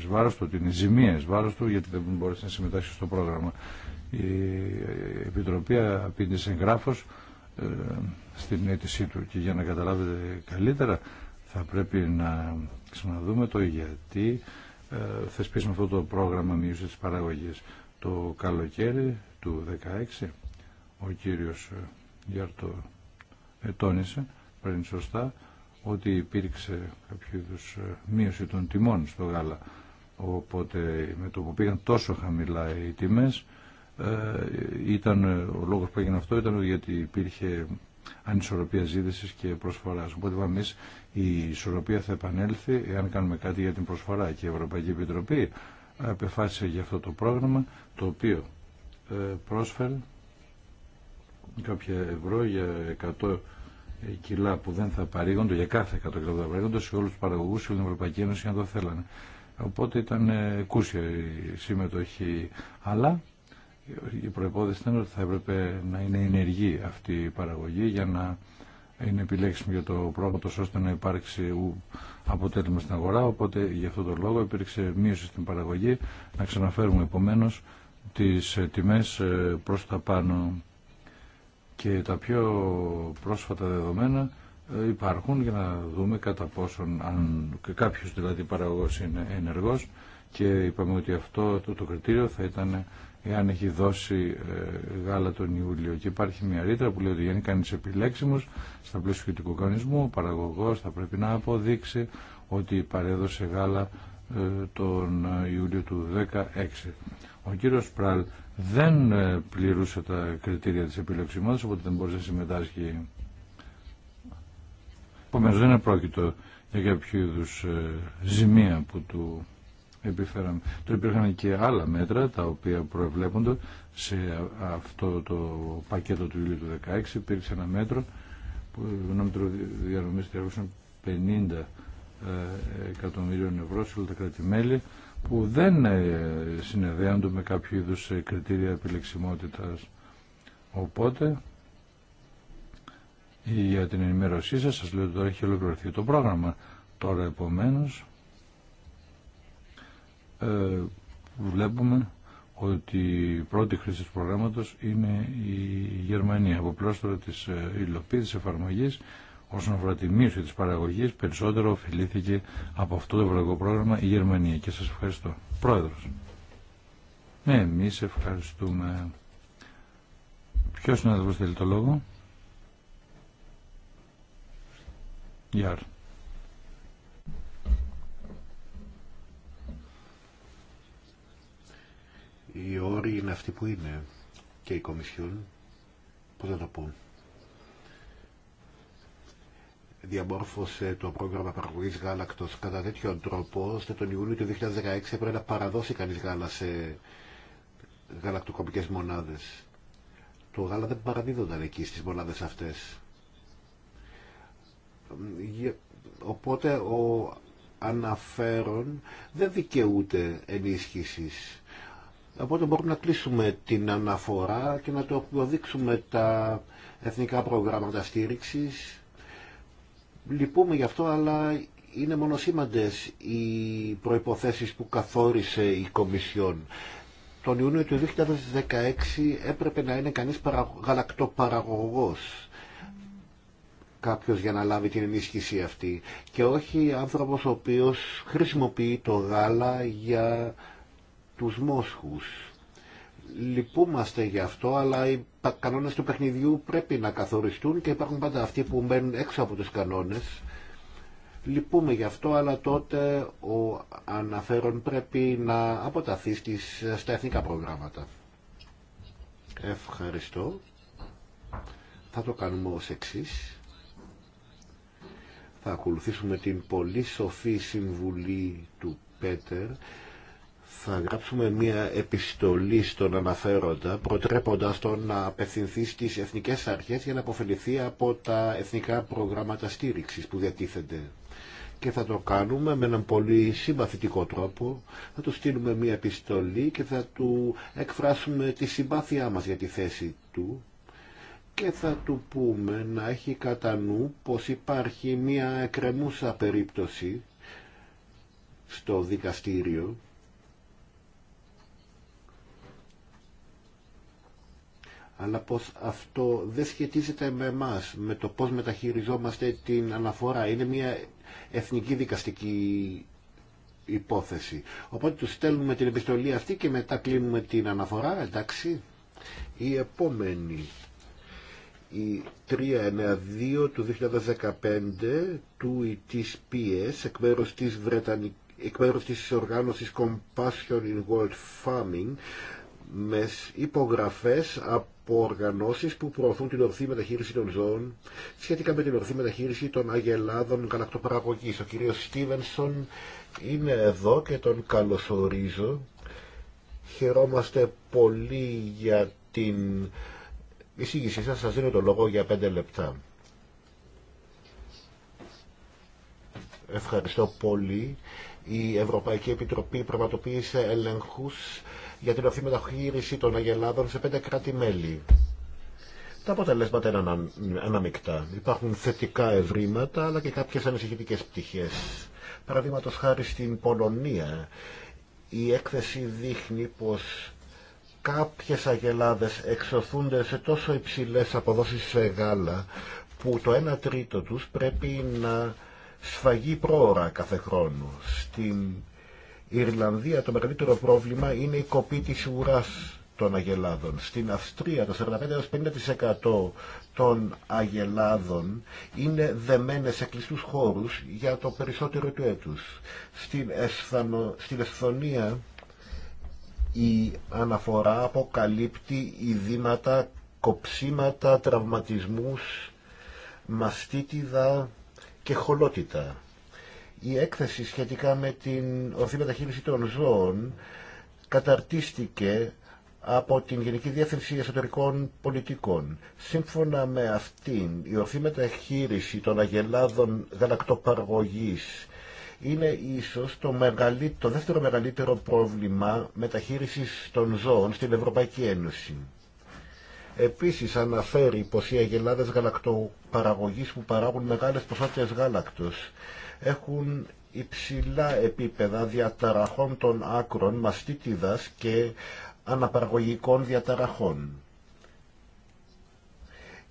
S3: ει βάρο του, ότι είναι ζημία ει βάρο του, γιατί δεν μπορέσει να συμμετάσχει στο πρόγραμμα. Η Επιτροπή απήντησε εγγραφο ε, στην αίτησή του και για να καταλάβετε καλύτερα θα πρέπει να ξαναδούμε το γιατί ε, θεσπίσουμε αυτό το πρόγραμμα μείωση της παραγωγής. Το καλοκαίρι του 2016 ο κύριος ε, Γιάρτο ετώνησε πριν σωστά ότι υπήρξε κάποιο είδου ε, μείωση των τιμών στο γάλα. Οπότε με το που πήγαν τόσο χαμηλά οι τιμές, ε, ήταν, ε, ο λόγος που έγινε αυτό ήταν γιατί υπήρχε ανισορροπία ζήτηση και προσφορά. Οπότε είπαμε εμεί η ισορροπία θα επανέλθει εάν κάνουμε κάτι για την προσφορά. Και η Ευρωπαϊκή Επιτροπή απεφάσισε για αυτό το πρόγραμμα το οποίο πρόσφερε κάποια ευρώ για 100 ε, κιλά που δεν θα παρήγονται, για κάθε 100 κιλά που θα παρήγονται, σε όλου του παραγωγού στην Ευρωπαϊκή Ένωση αν το θέλανε. Οπότε ήταν ε, κούσια η συμμετοχή. Αλλά ε, η προπόθεση ήταν ότι θα έπρεπε να είναι ενεργή αυτή η παραγωγή για να είναι επιλέξιμη για το πρόγραμμα ώστε να υπάρξει αποτέλεσμα στην αγορά. Οπότε γι' αυτόν τον λόγο υπήρξε μείωση στην παραγωγή. Να ξαναφέρουμε επομένω τις τιμές προς τα πάνω και τα πιο πρόσφατα δεδομένα ε, υπάρχουν για να δούμε κατά πόσον αν κάποιος δηλαδή παραγωγός είναι ενεργός και είπαμε ότι αυτό το, το κριτήριο θα ήταν εάν έχει δώσει ε, γάλα τον Ιούλιο. Και υπάρχει μια ρήτρα που λέει ότι αν κάνει επιλέξιμο στα πλαίσια του κοινωνικού κανονισμού, ο παραγωγό θα πρέπει να αποδείξει ότι παρέδωσε γάλα ε, τον Ιούλιο του 2016. Ο κύριος Πραλ δεν ε, πληρούσε τα κριτήρια της επιλεξιμότητας, οπότε δεν μπορούσε να συμμετάσχει. Επομένως δεν είναι πρόκειτο για κάποιο είδου ε, ζημία που του επιφέραμε. Τώρα υπήρχαν και άλλα μέτρα τα οποία προεβλέπονται σε αυτό το πακέτο του Ιουλίου του 2016. Υπήρξε ένα μέτρο που νόμιτρο διανομής 50 ε, εκατομμυρίων ευρώ σε όλα τα κράτη-μέλη που δεν ε, συνεδέονται με κάποιο είδου ε, κριτήρια επιλεξιμότητας. Οπότε, για την ενημέρωσή σας, σας λέω ότι τώρα έχει ολοκληρωθεί το πρόγραμμα. Τώρα, επομένως, ε, βλέπουμε ότι η πρώτη χρήση του προγράμματος είναι η Γερμανία. Από πλώστορα της ε, υλοποίησης εφαρμογής όσον αφορά τη μείωση της παραγωγής, περισσότερο ωφελήθηκε από αυτό το ευρωπαϊκό πρόγραμμα η Γερμανία. Και σας ευχαριστώ. Πρόεδρος. Ναι, εμείς ευχαριστούμε. Ποιος ο θέλει το λόγο. Γεια.
S4: Οι όροι είναι αυτοί που είναι και η κομισιόν. Πού θα το πω διαμόρφωσε το πρόγραμμα παραγωγή γάλακτο κατά τέτοιον τρόπο, ώστε τον Ιούλιο του 2016 έπρεπε να παραδώσει κανεί γάλα σε γαλακτοκομικέ μονάδε. Το γάλα δεν παραδίδονταν εκεί στι μονάδε αυτέ, Οπότε ο αναφέρον δεν δικαιούται ενίσχυση, Οπότε μπορούμε να κλείσουμε την αναφορά και να το αποδείξουμε τα εθνικά προγράμματα στήριξης Λυπούμε γι' αυτό, αλλά είναι μονοσήμαντες οι προϋποθέσεις που καθόρισε η Κομισιόν. Τον Ιούνιο του 2016 έπρεπε να είναι κανείς παρα... γαλακτοπαραγωγός κάποιος για να λάβει την ενίσχυση αυτή και όχι άνθρωπος ο οποίος χρησιμοποιεί το γάλα για τους μόσχους. Λυπούμαστε γι' αυτό, αλλά κανόνε του παιχνιδιού πρέπει να καθοριστούν και υπάρχουν πάντα αυτοί που μπαίνουν έξω από τους κανόνες. Λυπούμε γι' αυτό, αλλά τότε ο αναφέρον πρέπει να αποταθεί στις, στα εθνικά προγράμματα. Ευχαριστώ. Θα το κάνουμε ως εξής. Θα ακολουθήσουμε την πολύ σοφή συμβουλή του Πέτερ θα γράψουμε μία επιστολή στον αναφέροντα προτρέποντας τον να απευθυνθεί στις εθνικές αρχές για να αποφεληθεί από τα εθνικά προγράμματα στήριξης που διατίθενται. Και θα το κάνουμε με έναν πολύ συμπαθητικό τρόπο. Θα του στείλουμε μία επιστολή και θα του εκφράσουμε τη συμπάθειά μας για τη θέση του και θα του πούμε να έχει κατά νου πως υπάρχει μία εκκρεμούσα περίπτωση στο δικαστήριο αλλά πως αυτό δεν σχετίζεται με εμάς, με το πώς μεταχειριζόμαστε την αναφορά. Είναι μια εθνική δικαστική υπόθεση. Οπότε του στέλνουμε την επιστολή αυτή και μετά κλείνουμε την αναφορά, εντάξει. Η επόμενη, η 392 του 2015 του ή ΠΙΕΣ, εκ της Βρετανικής εκ μέρους της οργάνωσης Compassion in World Farming με υπογραφές από από που προωθούν την ορθή μεταχείριση των ζώων σχετικά με την ορθή μεταχείριση των αγελάδων γαλακτοπαραγωγής. Ο κύριος Στίβενσον είναι εδώ και τον καλωσορίζω. Χαιρόμαστε πολύ για την εισήγησή σας. Σας δίνω το λόγο για πέντε λεπτά. Ευχαριστώ πολύ. Η Ευρωπαϊκή Επιτροπή πραγματοποίησε ελεγχούς για την ορθή μεταχείριση των αγελάδων σε πέντε κράτη-μέλη. Τα αποτελέσματα είναι ανα, αναμεικτά. Υπάρχουν θετικά ευρήματα αλλά και κάποιες ανησυχητικές πτυχές. Παραδείγματο χάρη στην Πολωνία η έκθεση δείχνει πως κάποιες αγελάδες εξωθούνται σε τόσο υψηλές αποδόσεις σε γάλα που το 1 τρίτο τους πρέπει να σφαγεί πρόωρα κάθε χρόνο. Στην η Ιρλανδία το μεγαλύτερο πρόβλημα είναι η κοπή της ουράς των αγελάδων. Στην Αυστρία το 45-50% των αγελάδων είναι δεμένες σε κλειστούς χώρους για το περισσότερο του έτους. Στην, Εσθανο, στην Εσθονία η αναφορά αποκαλύπτει ειδήματα, κοψίματα, τραυματισμούς, μαστίτιδα και χολότητα. Η έκθεση σχετικά με την ορθή μεταχείριση των ζώων καταρτίστηκε από την Γενική Διεύθυνση Εσωτερικών Πολιτικών. Σύμφωνα με αυτήν, η ορθή μεταχείριση των αγελάδων γαλακτοπαραγωγής είναι ίσως το, το δεύτερο μεγαλύτερο πρόβλημα μεταχείρισης των ζώων στην Ευρωπαϊκή Ένωση. Επίσης αναφέρει πως οι αγελάδες γαλακτοπαραγωγής που παράγουν μεγάλες ποσότητες γάλακτος έχουν υψηλά επίπεδα διαταραχών των άκρων, μαστίτιδας και αναπαραγωγικών διαταραχών.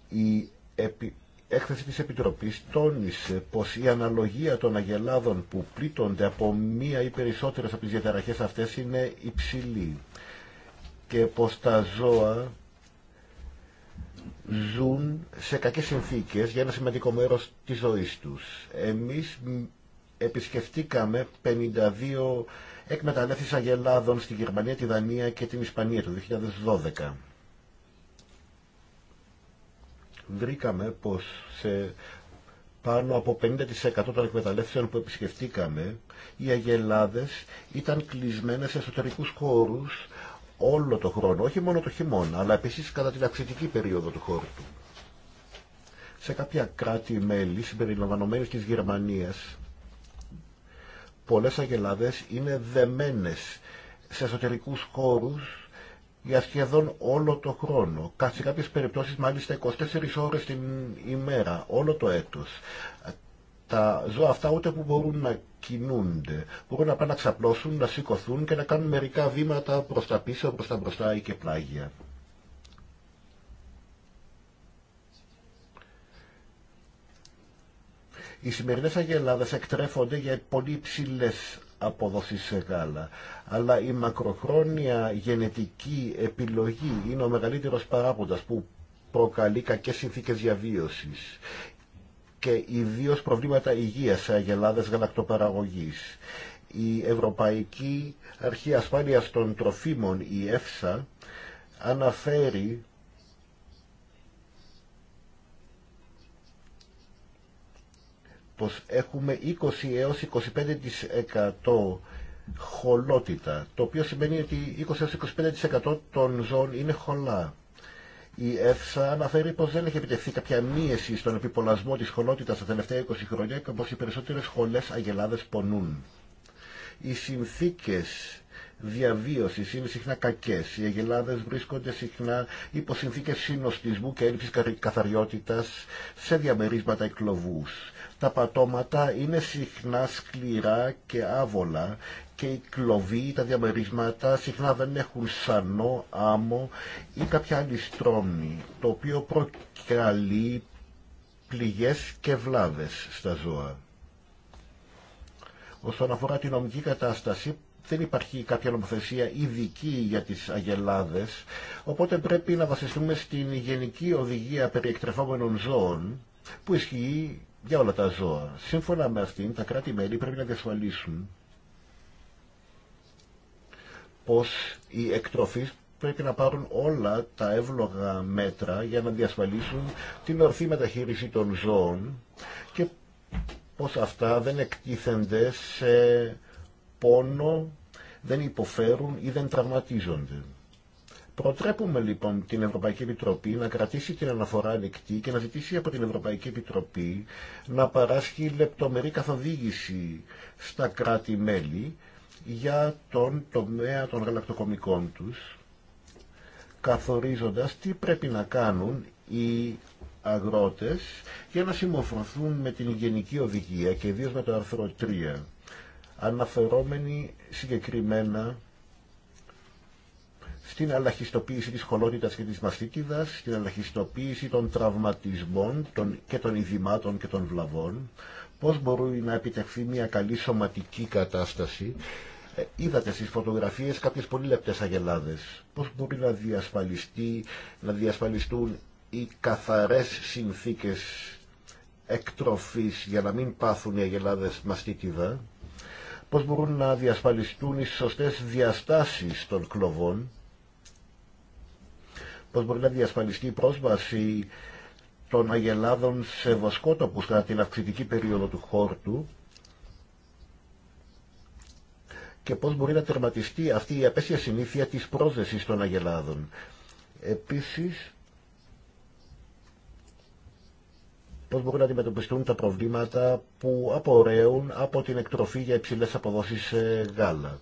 S4: Η έκθεση της Επιτροπής τόνισε πως η αναλογία των αγελάδων που πλήττονται από μία ή περισσότερες από τις διαταραχές αυτές είναι υψηλή και πως τα ζώα ζουν σε κακές συνθήκες για ένα σημαντικό μέρος της ζωής τους. Εμείς επισκεφτήκαμε 52 εκμεταλλεύσεις αγελάδων στη Γερμανία, τη Δανία και την Ισπανία το 2012. Βρήκαμε πως σε πάνω από 50% των εκμεταλλεύσεων που επισκεφτήκαμε, οι αγελάδες ήταν κλεισμένες σε εσωτερικούς χώρους όλο το χρόνο, όχι μόνο το χειμώνα, αλλά επίσης κατά την αυξητική περίοδο του χώρου του. Σε κάποια κράτη-μέλη, συμπεριλαμβανομένες της Γερμανίας, πολλές αγελάδες είναι δεμένες σε εσωτερικούς χώρους για σχεδόν όλο το χρόνο. Σε κάποιες περιπτώσεις μάλιστα 24 ώρες την ημέρα, όλο το έτος. Τα ζώα αυτά ούτε που μπορούν να κινούνται. Μπορούν να πάνε να ξαπλώσουν, να σηκωθούν και να κάνουν μερικά βήματα προς τα πίσω, προς τα μπροστά ή και πλάγια. Οι σημερινές αγελάδες εκτρέφονται για πολύ υψηλές αποδόσεις σε γάλα. Αλλά η μακροχρόνια γενετική επιλογή είναι ο μεγαλύτερος παράγοντας που προκαλεί κακές συνθήκες διαβίωσης και ιδίω προβλήματα υγείας σε αγελάδε γαλακτοπαραγωγή. Η Ευρωπαϊκή Αρχή Ασφάλειας των Τροφίμων, η ΕΦΣΑ, αναφέρει πως έχουμε 20 έως 25% χολότητα, το οποίο σημαίνει ότι 20 έως 25% των ζώων είναι χολά η ΕΦΣΑ αναφέρει πως δεν έχει επιτευχθεί κάποια μίεση στον επιπολασμό της χολότητα τα τελευταία 20 χρόνια και πω οι περισσότερες χολέ αγελάδε πονούν. Οι συνθήκε. Διαβίωση είναι συχνά κακέ. Οι αγελάδες βρίσκονται συχνά υπό συνθήκε συνοστισμού και έλλειψη καθαριότητα σε διαμερίσματα εκλοβού. Τα πατώματα είναι συχνά σκληρά και άβολα και οι κλοβοί, τα διαμερίσματα συχνά δεν έχουν σανό, άμμο ή κάποια άλλη στρώμη, το οποίο προκαλεί πληγές και βλάβες στα ζώα. Όσον αφορά την νομική κατάσταση, δεν υπάρχει κάποια νομοθεσία ειδική για τις αγελάδες, οπότε πρέπει να βασιστούμε στην γενική οδηγία περί εκτρεφόμενων ζώων που ισχύει για όλα τα ζώα. Σύμφωνα με αυτήν, τα κράτη-μέλη πρέπει να διασφαλίσουν πως οι εκτροφείς πρέπει να πάρουν όλα τα εύλογα μέτρα για να διασφαλίσουν την ορθή μεταχείριση των ζώων και πως αυτά δεν εκτίθενται σε πόνο, δεν υποφέρουν ή δεν τραυματίζονται. Προτρέπουμε λοιπόν την Ευρωπαϊκή Επιτροπή να κρατήσει την αναφορά ανοιχτή και να ζητήσει από την Ευρωπαϊκή Επιτροπή να παράσχει λεπτομερή καθοδήγηση στα κράτη-μέλη για τον τομέα των γαλακτοκομικών τους, καθορίζοντας τι πρέπει να κάνουν οι αγρότες για να συμμορφωθούν με την γενική οδηγία και ιδίως με το άρθρο 3 αναφερόμενοι συγκεκριμένα στην αλαχιστοποίηση της χολότητας και της μαστίτιδας, στην αλαχιστοποίηση των τραυματισμών των, και των ειδημάτων και των βλαβών, πώς μπορεί να επιτευχθεί μια καλή σωματική κατάσταση. Ε, είδατε στις φωτογραφίες κάποιες πολύ λεπτές αγελάδες. Πώς μπορεί να, διασφαλιστεί, να διασφαλιστούν οι καθαρές συνθήκες εκτροφής για να μην πάθουν οι αγελάδες μαστίτιδα πώς μπορούν να διασφαλιστούν οι σωστές διαστάσεις των κλοβών, πώς μπορεί να διασφαλιστεί η πρόσβαση των αγελάδων σε βοσκότοπους κατά την αυξητική περίοδο του χόρτου και πώς μπορεί να τερματιστεί αυτή η απέσια συνήθεια της πρόσδεσης των αγελάδων. Επίσης, πώς μπορούν να αντιμετωπιστούν τα προβλήματα που απορρέουν από την εκτροφή για υψηλές αποδόσεις γάλα.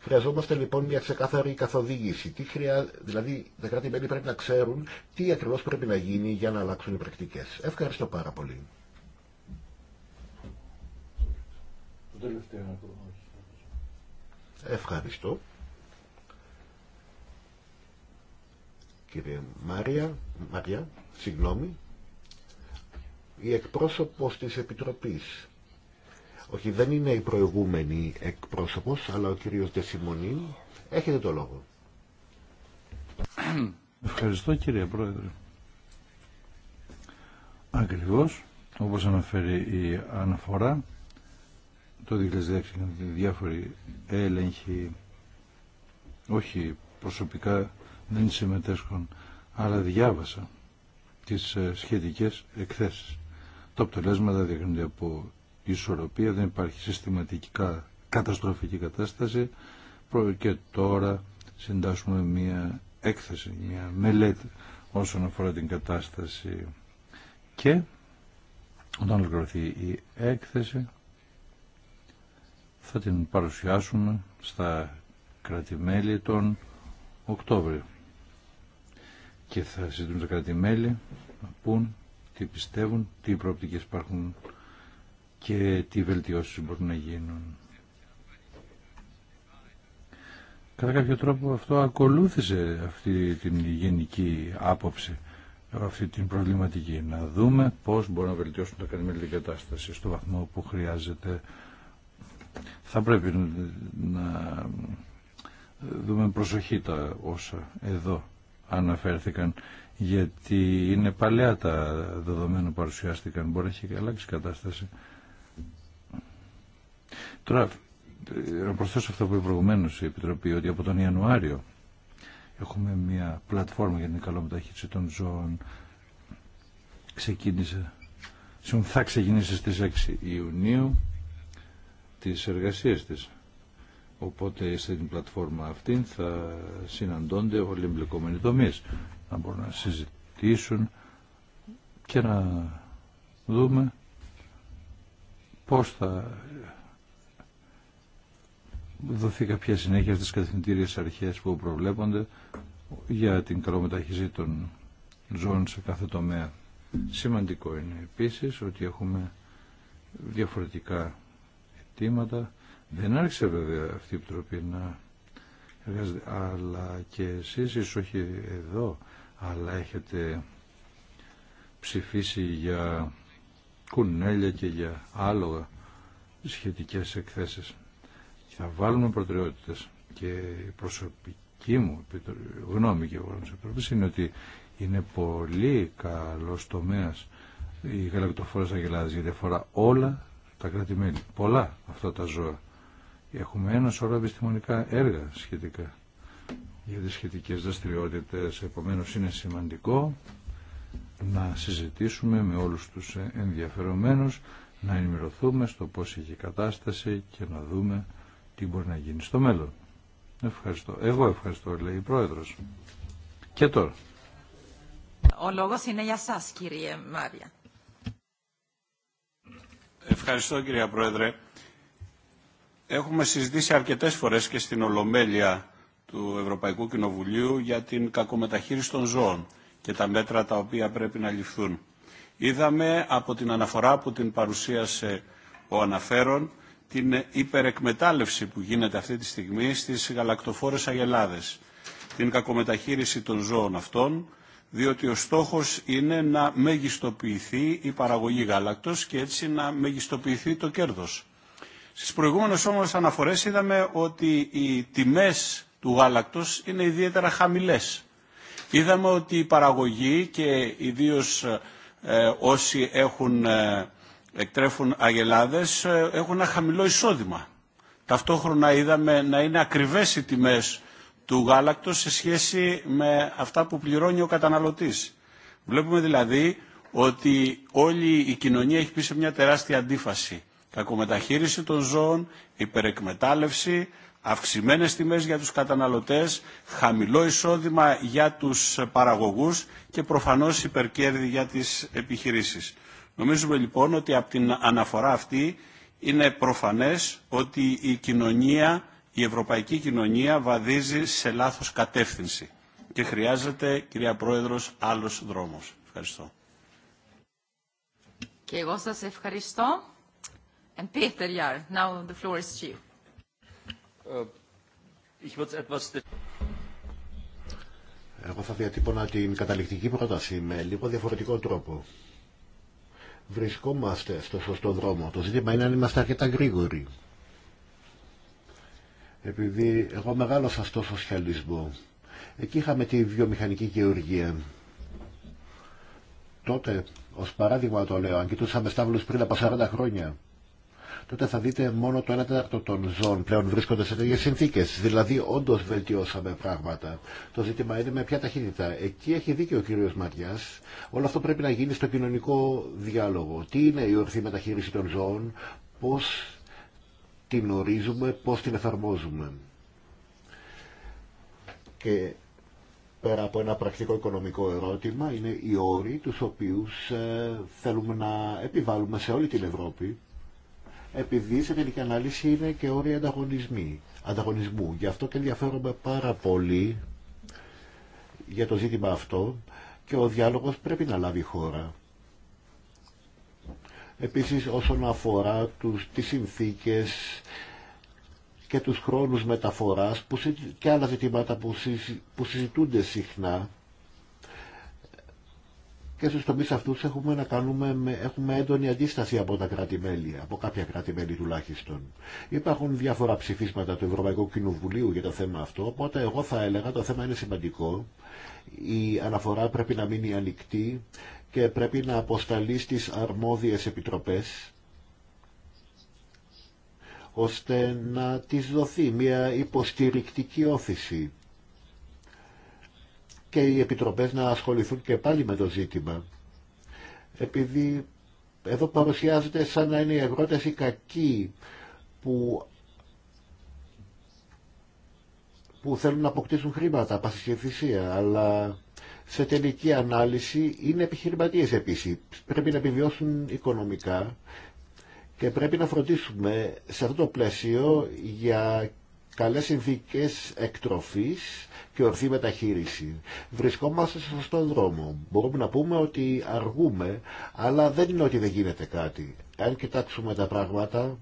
S4: Χρειαζόμαστε λοιπόν μια ξεκάθαρη καθοδήγηση. Τι χρειά... Δηλαδή, τα κράτη-μέλη πρέπει να ξέρουν τι ακριβώ πρέπει να γίνει για να αλλάξουν οι πρακτικέ. Ευχαριστώ πάρα πολύ. Ευχαριστώ. Κύριε Μάρια, Μάρια, συγγνώμη η εκπρόσωπος της Επιτροπής. Όχι, δεν είναι η προηγούμενη εκπρόσωπος, αλλά ο κύριος Δεσιμονή. Έχετε το λόγο. Ευχαριστώ κύριε Πρόεδρε.
S3: Ακριβώς, όπως αναφέρει η αναφορά, το 2016 ήταν διάφοροι έλεγχοι, όχι προσωπικά δεν συμμετέσχουν, αλλά διάβασα τις ε, σχετικές εκθέσεις. Τα αποτελέσματα δείχνονται από ισορροπία, δεν υπάρχει συστηματικά καταστροφική κατάσταση και τώρα συντάσσουμε μια έκθεση, μια μελέτη όσον αφορά την κατάσταση και όταν ολοκληρωθεί η έκθεση θα την παρουσιάσουμε στα κρατημέλη τον Οκτώβριο και θα συζητούν τα κρατημέλη να πούν τι πιστεύουν, τι προοπτικές υπάρχουν και τι βελτιώσεις μπορούν να γίνουν. Κατά κάποιο τρόπο αυτό ακολούθησε αυτή την γενική άποψη, αυτή την προβληματική. Να δούμε πώς μπορούν να βελτιώσουν τα κανημερινή κατάσταση στο βαθμό που χρειάζεται. Θα πρέπει να δούμε προσοχή τα όσα εδώ αναφέρθηκαν γιατί είναι παλιά τα δεδομένα που παρουσιάστηκαν, μπορεί να έχει αλλάξει η κατάσταση. Τώρα, να προσθέσω αυτό που είπε προηγουμένως η Επιτροπή, ότι από τον Ιανουάριο έχουμε μια πλατφόρμα για την καλομεταχείριση των ζώων. Ξεκίνησε, θα ξεκινήσει στις 6 Ιουνίου τις εργασίες της. Οπότε στην πλατφόρμα αυτή θα συναντώνται όλοι οι εμπλεκόμενοι τομείς να μπορούν να συζητήσουν και να δούμε πώς θα δοθεί κάποια συνέχεια στις καθημερινές αρχές που προβλέπονται για την μεταχείριση των ζώων σε κάθε τομέα. Σημαντικό είναι επίσης ότι έχουμε διαφορετικά αιτήματα. Δεν άρχισε βέβαια αυτή η Επιτροπή να εργάζεται, αλλά και εσείς, ίσως όχι εδώ, αλλά έχετε ψηφίσει για κουνέλια και για άλογα σχετικές εκθέσεις. Θα βάλουμε προτεραιότητες και η προσωπική μου γνώμη και εγώ της είναι ότι είναι πολύ καλός τομέας η γαλακτοφόρας γελάδες γιατί αφορά όλα τα κρατημένη. Πολλά αυτά τα ζώα. Έχουμε ένα σωρό επιστημονικά έργα σχετικά για τις σχετικές δραστηριότητες. Επομένως είναι σημαντικό να συζητήσουμε με όλους τους ενδιαφερομένους, να ενημερωθούμε στο πώς έχει η κατάσταση και να δούμε τι μπορεί να γίνει στο μέλλον. Ευχαριστώ. Εγώ ευχαριστώ, λέει η Πρόεδρος. Και τώρα.
S1: Ο λόγος είναι για σας, κύριε Μάρια.
S5: Ευχαριστώ, κυρία Πρόεδρε. Έχουμε συζητήσει αρκετές φορές και στην Ολομέλεια του Ευρωπαϊκού Κοινοβουλίου για την κακομεταχείριση των ζώων και τα μέτρα τα οποία πρέπει να ληφθούν. Είδαμε από την αναφορά που την παρουσίασε ο αναφέρον την υπερεκμετάλλευση που γίνεται αυτή τη στιγμή στις γαλακτοφόρες αγελάδες, την κακομεταχείριση των ζώων αυτών, διότι ο στόχος είναι να μεγιστοποιηθεί η παραγωγή γάλακτος και έτσι να μεγιστοποιηθεί το κέρδος. Στις προηγούμενες όμως αναφορές είδαμε ότι οι τιμές του γάλακτος είναι ιδιαίτερα χαμηλές. Είδαμε ότι η παραγωγή και ιδίως ε, όσοι έχουν, ε, εκτρέφουν αγελάδες ε, έχουν ένα χαμηλό εισόδημα. Ταυτόχρονα είδαμε να είναι ακριβές οι τιμές του γάλακτος σε σχέση με αυτά που πληρώνει ο καταναλωτής. Βλέπουμε δηλαδή ότι όλη η κοινωνία έχει πει σε μια τεράστια αντίφαση. Κακομεταχείριση των ζώων, υπερεκμετάλλευση, αυξημένες τιμές για τους καταναλωτές, χαμηλό εισόδημα για τους παραγωγούς και προφανώς υπερκέρδη για τις επιχειρήσεις. Νομίζουμε λοιπόν ότι από την αναφορά αυτή είναι προφανές ότι η κοινωνία, η ευρωπαϊκή κοινωνία βαδίζει σε λάθος κατεύθυνση και χρειάζεται, κυρία Πρόεδρος, άλλος δρόμος. Ευχαριστώ.
S1: Και εγώ σας ευχαριστώ. And Peter now the floor is you. Äh,
S4: εγώ θα διατύπωνα την καταληκτική πρόταση με λίγο διαφορετικό τρόπο. Βρισκόμαστε στο σωστό δρόμο. Το ζήτημα είναι αν είμαστε αρκετά γρήγοροι. Επειδή εγώ μεγάλωσα στο σοσιαλισμό. Εκεί είχαμε τη βιομηχανική γεωργία. Τότε, ως παράδειγμα το λέω, αν κοιτούσαμε στάβλους πριν από 40 χρόνια, τότε θα δείτε μόνο το 1 τέταρτο των ζώων πλέον βρίσκονται σε τέτοιε συνθήκε. Δηλαδή, όντω βελτιώσαμε πράγματα. Το ζήτημα είναι με ποια ταχύτητα. Εκεί έχει δίκιο ο κύριο Ματιά. Όλο αυτό πρέπει να γίνει στο κοινωνικό διάλογο. Τι είναι η ορθή μεταχείριση των ζώων, πώ την ορίζουμε, πώ την εφαρμόζουμε. Και πέρα από ένα πρακτικό οικονομικό ερώτημα, είναι οι όροι τους οποίους ε, θέλουμε να επιβάλλουμε σε όλη την Ευρώπη επειδή σε τελική ανάλυση είναι και όρια ανταγωνισμού. ανταγωνισμού. Γι' αυτό και ενδιαφέρομαι πάρα πολύ για το ζήτημα αυτό και ο διάλογος πρέπει να λάβει χώρα. Επίσης όσον αφορά τους, τις συνθήκες και τους χρόνους μεταφοράς που, και άλλα ζητήματα που, που συζητούνται συχνά και στους τομείς αυτούς έχουμε, να κάνουμε, έχουμε έντονη αντίσταση από τα κράτη-μέλη, από κάποια κράτη-μέλη τουλάχιστον. Υπάρχουν διάφορα ψηφίσματα του Ευρωπαϊκού Κοινοβουλίου για το θέμα αυτό, οπότε εγώ θα έλεγα το θέμα είναι σημαντικό. Η αναφορά πρέπει να μείνει ανοιχτή και πρέπει να αποσταλεί στις αρμόδιες επιτροπές ώστε να της δοθεί μια υποστηρικτική όθηση και οι επιτροπές να ασχοληθούν και πάλι με το ζήτημα. Επειδή εδώ παρουσιάζεται σαν να είναι οι οι κακοί που, που θέλουν να αποκτήσουν χρήματα από αλλά σε τελική ανάλυση είναι επιχειρηματίες επίσης. Πρέπει να επιβιώσουν οικονομικά και πρέπει να φροντίσουμε σε αυτό το πλαίσιο για καλές συνθήκες εκτροφής και ορθή μεταχείριση. Βρισκόμαστε στο σωστό δρόμο. Μπορούμε να πούμε ότι αργούμε, αλλά δεν είναι ότι δεν γίνεται κάτι. Αν κοιτάξουμε τα πράγματα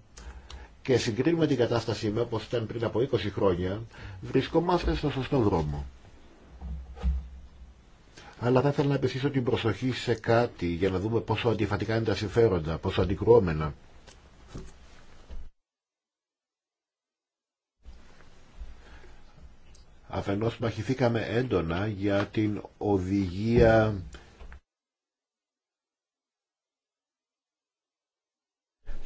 S4: και συγκρίνουμε την κατάσταση με όπως ήταν πριν από 20 χρόνια, βρισκόμαστε στο σωστό δρόμο. Αλλά θα ήθελα να επιστήσω την προσοχή σε κάτι για να δούμε πόσο αντιφατικά είναι τα συμφέροντα, πόσο αντικρουόμενα. Αφενός μαχηθήκαμε έντονα για την οδηγία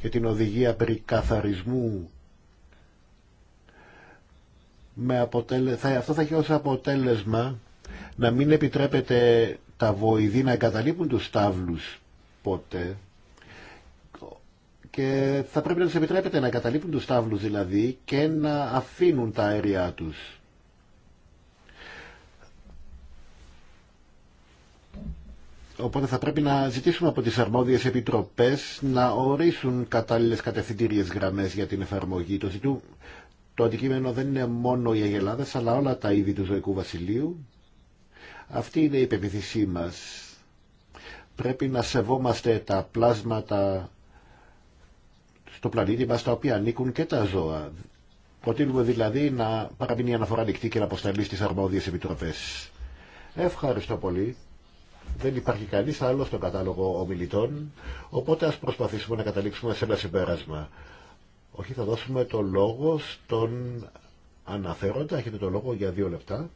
S4: για την οδηγία περί καθαρισμού με αποτέλε... θα... αυτό θα έχει ως αποτέλεσμα να μην επιτρέπεται τα βοηδή να εγκαταλείπουν τους στάβλους ποτέ και θα πρέπει να τους επιτρέπεται να εγκαταλείπουν τους στάβλους δηλαδή και να αφήνουν τα αέρια τους Οπότε θα πρέπει να ζητήσουμε από τις αρμόδιες επιτροπές να ορίσουν κατάλληλες κατευθυντήριες γραμμές για την εφαρμογή. Το, ζητού, το αντικείμενο δεν είναι μόνο οι αγελάδες, αλλά όλα τα είδη του ζωικού βασιλείου. Αυτή είναι η υπεποίθησή μας. Πρέπει να σεβόμαστε τα πλάσματα στο πλανήτη μας, τα οποία ανήκουν και τα ζώα. Προτείνουμε δηλαδή να παραμείνει η αναφορά ανοιχτή και να αποσταλεί στις αρμόδιες επιτροπές. Ευχαριστώ πολύ. Δεν υπάρχει κανείς άλλο στον κατάλογο ομιλητών, οπότε ας προσπαθήσουμε να καταλήξουμε σε ένα συμπέρασμα. Όχι, θα δώσουμε το λόγο στον αναφέροντα. Έχετε το λόγο για δύο λεπτά.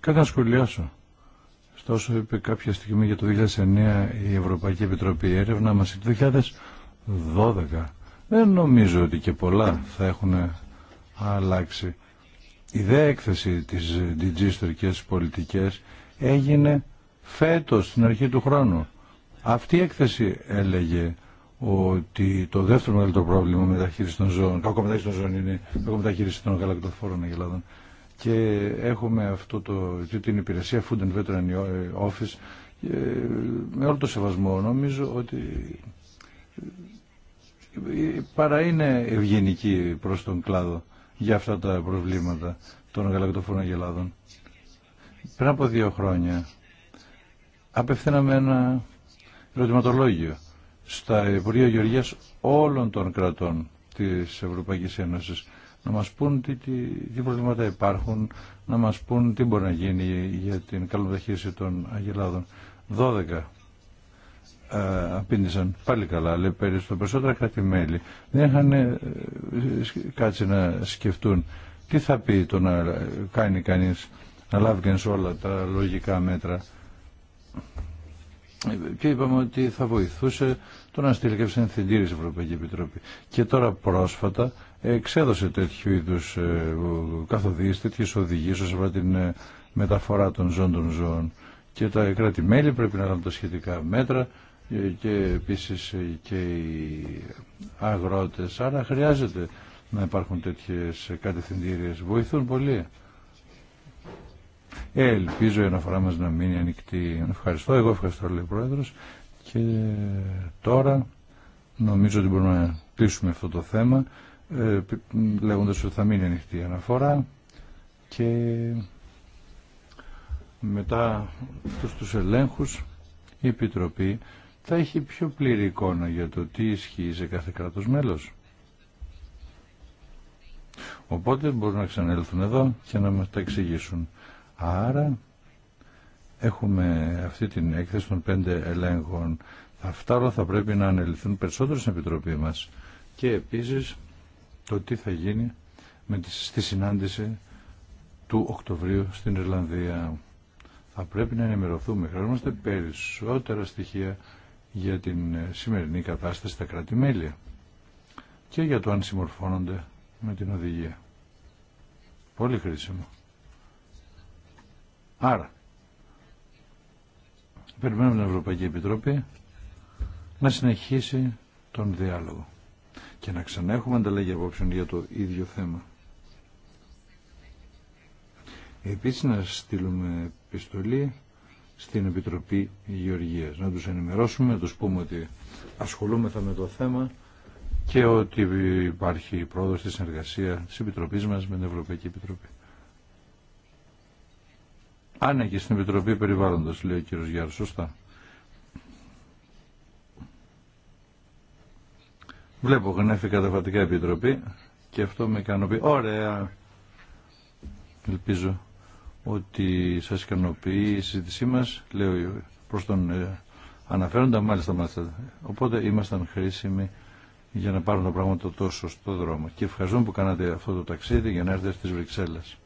S3: Κάτι να σχολιάσω. Στόσο είπε κάποια στιγμή για το 2009 η Ευρωπαϊκή Επιτροπή έρευνα μας το 2012. Δεν νομίζω ότι και πολλά θα έχουν αλλάξει. Η δε έκθεση της DG Πολιτικές έγινε φέτος, στην αρχή του χρόνου. Αυτή η έκθεση έλεγε ότι το δεύτερο μεγαλύτερο πρόβλημα μεταχείριση των ζώων, κακό μεταχείριση των ζώων είναι κακό μεταχείριση των γαλακτοφόρων αγελάδων. Και έχουμε αυτό το, την υπηρεσία Food and Veteran Office ε, με όλο το σεβασμό νομίζω ότι ε, παρά είναι ευγενική προς τον κλάδο για αυτά τα προβλήματα των γαλακτοφόρων αγελάδων. Πριν από δύο χρόνια απευθύναμε ένα ερωτηματολόγιο στα Υπουργεία Γεωργίας όλων των κρατών της Ευρωπαϊκής Ένωσης να μας πούν τι, τι, προβλήματα υπάρχουν, να μας πούν τι μπορεί να γίνει για την καλοδοχήση των αγελάδων. 12 ε, απήντησαν πάλι λέει αλλά περισσότερο περισσότερα κράτη-μέλη δεν είχαν ε, κάτσει να σκεφτούν τι θα πει το να κάνει κανείς να λάβει κανείς όλα τα λογικά μέτρα. Και είπαμε ότι θα βοηθούσε το να στείλει και ψενθεντήρες η Ευρωπαϊκή Επιτροπή. Και τώρα πρόσφατα εξέδωσε τέτοιου είδους ε, καθοδίες, τέτοιες οδηγίες όσον αφορά την μεταφορά των ζών των ζώων. Και τα κρατη πρέπει να λάβουν τα σχετικά μέτρα και επίσης και οι αγρότες. Άρα χρειάζεται να υπάρχουν τέτοιες κατευθυντήριες. Βοηθούν πολύ. Ε, ελπίζω η αναφορά μας να μείνει ανοιχτή. Ευχαριστώ. Εγώ ευχαριστώ, λέει ο Πρόεδρος. Και τώρα νομίζω ότι μπορούμε να κλείσουμε αυτό το θέμα ε, λέγοντας ότι θα μείνει ανοιχτή η αναφορά και μετά τους, τους ελέγχους η Επιτροπή θα έχει πιο πλήρη εικόνα για το τι ισχύει σε κάθε κράτος μέλος. Οπότε μπορούν να ξανέλθουν εδώ και να μας τα εξηγήσουν. Άρα έχουμε αυτή την έκθεση των πέντε ελέγχων. Αυτά όλα θα πρέπει να ανελυθούν περισσότερο στην Επιτροπή μας. Και επίσης το τι θα γίνει με τη, στη συνάντηση του Οκτωβρίου στην Ιρλανδία. Θα πρέπει να ενημερωθούμε. Χρειαζόμαστε περισσότερα στοιχεία για την σημερινή κατάσταση στα κρατη και για το αν συμμορφώνονται με την οδηγία. Πολύ χρήσιμο. Άρα, περιμένουμε την Ευρωπαϊκή Επιτροπή να συνεχίσει τον διάλογο και να ξανέχουμε ανταλλαγή απόψεων για το ίδιο θέμα. Επίσης να στείλουμε επιστολή στην Επιτροπή Γεωργίας. Να τους ενημερώσουμε, να τους πούμε ότι ασχολούμεθα με το θέμα και ότι υπάρχει πρόοδος στη συνεργασία της Επιτροπής μας με την Ευρωπαϊκή Επιτροπή. Αν ναι, και στην Επιτροπή Περιβάλλοντος, λέει ο κύριος σωστά. Βλέπω γνέφη καταφατικά επιτροπή και αυτό με ικανοποιεί. Ωραία. Ελπίζω ότι σας ικανοποιεί η συζήτησή μας, λέω προς τον ε, αναφέροντα, μάλιστα μάλιστα. Οπότε ήμασταν χρήσιμοι για να πάρουν τα πράγματα τόσο στο δρόμο. Και ευχαριστούμε που κάνατε αυτό το ταξίδι για να έρθετε στις Βρυξέλλες.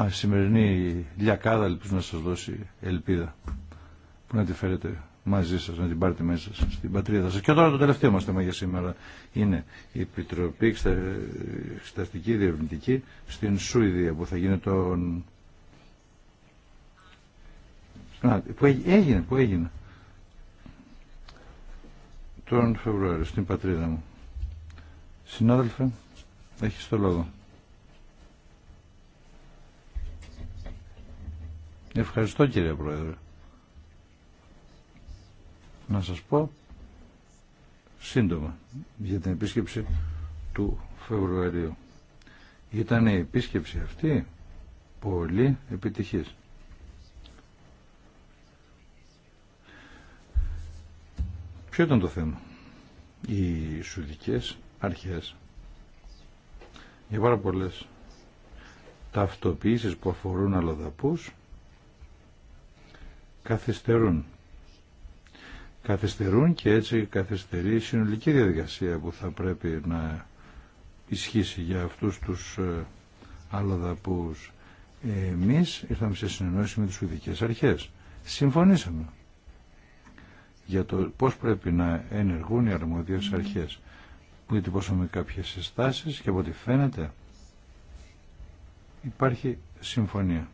S3: Α, σημερινή λιακάδα ελπίζω να σας δώσει ελπίδα που να τη φέρετε μαζί σα να την πάρετε μέσα στην πατρίδα σα. Και τώρα το τελευταίο μα θέμα για σήμερα είναι η Επιτροπή Εξεταστική Διευνητική στην Σουηδία που θα γίνει τον... που έγινε, που έγινε. Τον Φεβρουάριο, στην πατρίδα μου. Συνάδελφε, έχεις το λόγο. Ευχαριστώ κύριε Πρόεδρε να σας πω σύντομα για την επίσκεψη του Φεβρουαρίου. Ήταν η επίσκεψη αυτή πολύ επιτυχής. Ποιο ήταν το θέμα. Οι Σουδικές αρχές για πάρα πολλές ταυτοποιήσεις που αφορούν αλλοδαπούς καθυστερούν καθυστερούν και έτσι καθυστερεί η συνολική διαδικασία που θα πρέπει να ισχύσει για αυτούς τους ε, αλλοδαπούς. Εμείς ήρθαμε σε συνεννόηση με τις Σουηδικές Αρχές. Συμφωνήσαμε για το πώς πρέπει να ενεργούν οι αρμόδιες αρχές. Που διατυπώσαμε κάποιες συστάσεις και από ό,τι φαίνεται υπάρχει συμφωνία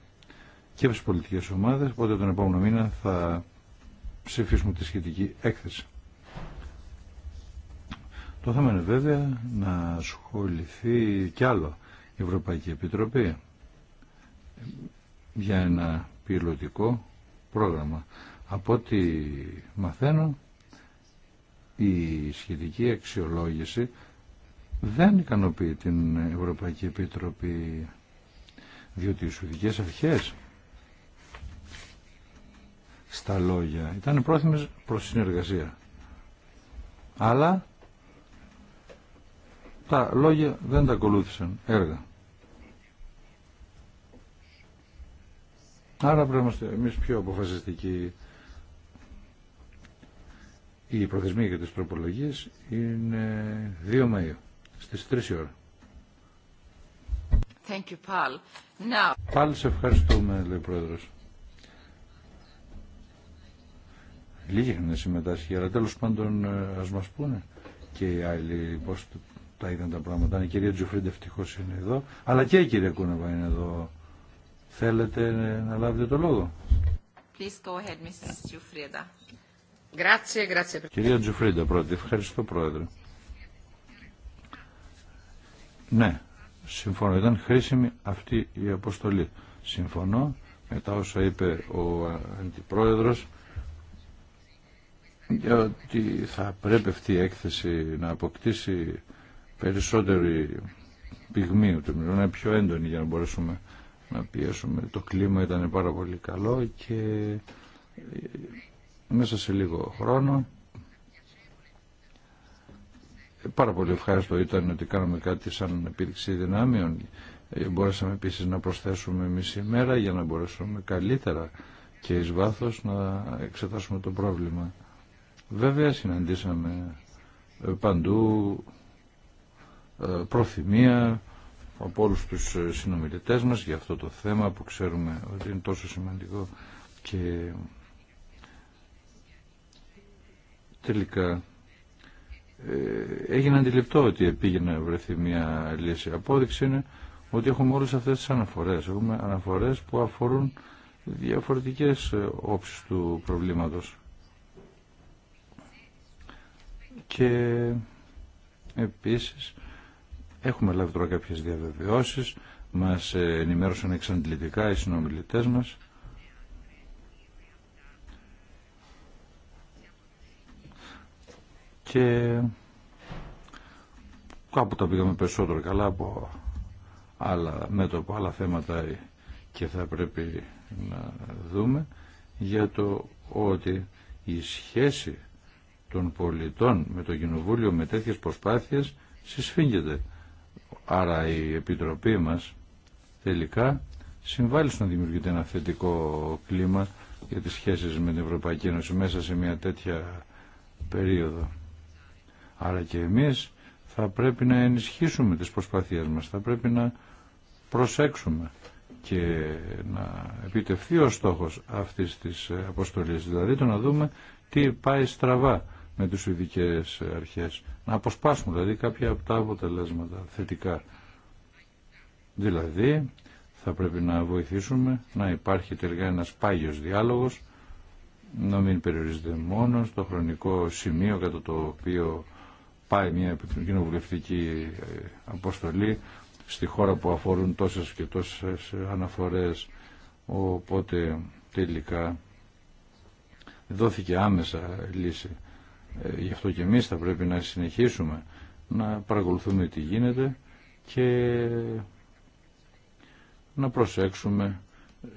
S3: και από τις πολιτικές ομάδες, οπότε τον επόμενο μήνα θα ψηφίσουμε τη σχετική έκθεση. Το θέμα είναι βέβαια να ασχοληθεί κι άλλο η Ευρωπαϊκή Επιτροπή για ένα πιλωτικό πρόγραμμα. Από ό,τι μαθαίνω, η σχετική αξιολόγηση δεν ικανοποιεί την Ευρωπαϊκή Επιτροπή διότι οι Σουηδικές Αρχές στα λόγια. Ήταν πρόθυμες προς συνεργασία. Αλλά τα λόγια δεν τα ακολούθησαν έργα. Άρα πρέπει να είμαστε εμείς πιο αποφασιστικοί. Η προθεσμία για τις προπολογίες είναι 2 Μαΐου, στις 3 η ώρα.
S1: Thank you, Paul.
S3: Πάλι σε ευχαριστούμε, λέει ο Πρόεδρος. Λίγοι είχαν συμμετάσχει, αλλά τέλο πάντων ε, ας μα πούνε και οι άλλοι πώ τα είδαν τα πράγματα. Η κυρία Τζουφρίντα ευτυχώ είναι εδώ, αλλά και η κυρία Κούνεβα είναι εδώ. Θέλετε να λάβετε το λόγο. Κυρία Τζουφρίντα πρώτη, ευχαριστώ πρόεδρε. Ναι, συμφωνώ. Ήταν χρήσιμη αυτή η αποστολή. Συμφωνώ με τα όσα είπε ο Αντιπρόεδρος ότι θα πρέπει αυτή η έκθεση να αποκτήσει περισσότερη πυγμή, να είναι πιο έντονη για να μπορέσουμε να πιέσουμε. Το κλίμα ήταν πάρα πολύ καλό και ε, μέσα σε λίγο χρόνο πάρα πολύ ευχάριστο ήταν ότι κάναμε κάτι σαν επίδειξη δυνάμεων. Ε, μπορέσαμε επίσης να προσθέσουμε εμεί μέρα για να μπορέσουμε καλύτερα και εις βάθος να εξετάσουμε το πρόβλημα. Βέβαια συναντήσαμε ε, παντού ε, προθυμία από όλους τους ε, συνομιλητές μας για αυτό το θέμα που ξέρουμε ότι είναι τόσο σημαντικό και τελικά έγινε αντιληπτό ότι επήγε να βρεθεί μια λύση. Απόδειξη είναι ότι έχουμε όλες αυτές τις αναφορές. Έχουμε αναφορές που αφορούν διαφορετικές όψεις του προβλήματος και επίσης έχουμε λάβει τώρα κάποιες διαβεβαιώσεις μας ενημέρωσαν εξαντλητικά οι συνομιλητές μας και κάπου τα πήγαμε περισσότερο καλά από άλλα άλλα θέματα και θα πρέπει να δούμε για το ότι η σχέση των πολιτών με το Κοινοβούλιο με τέτοιες προσπάθειες συσφίγγεται. Άρα η Επιτροπή μας τελικά συμβάλλει στο να δημιουργείται ένα θετικό κλίμα για τις σχέσεις με την Ευρωπαϊκή Ένωση μέσα σε μια τέτοια περίοδο. Άρα και εμείς θα πρέπει να ενισχύσουμε τις προσπάθειές μας, θα πρέπει να προσέξουμε και να επιτευθεί ο στόχος αυτής της αποστολής, δηλαδή το να δούμε τι πάει στραβά με τις ειδικές αρχές. Να αποσπάσουμε δηλαδή κάποια από τα αποτελέσματα θετικά. Δηλαδή θα πρέπει να βοηθήσουμε να υπάρχει τελικά ένας πάγιος διάλογος, να μην περιορίζεται μόνο στο χρονικό σημείο κατά το οποίο πάει μια κοινοβουλευτική ε, αποστολή στη χώρα που αφορούν τόσες και τόσες αναφορές οπότε τελικά δόθηκε άμεσα λύση ε, γι' αυτό και εμείς θα πρέπει να συνεχίσουμε να παρακολουθούμε τι γίνεται και να προσέξουμε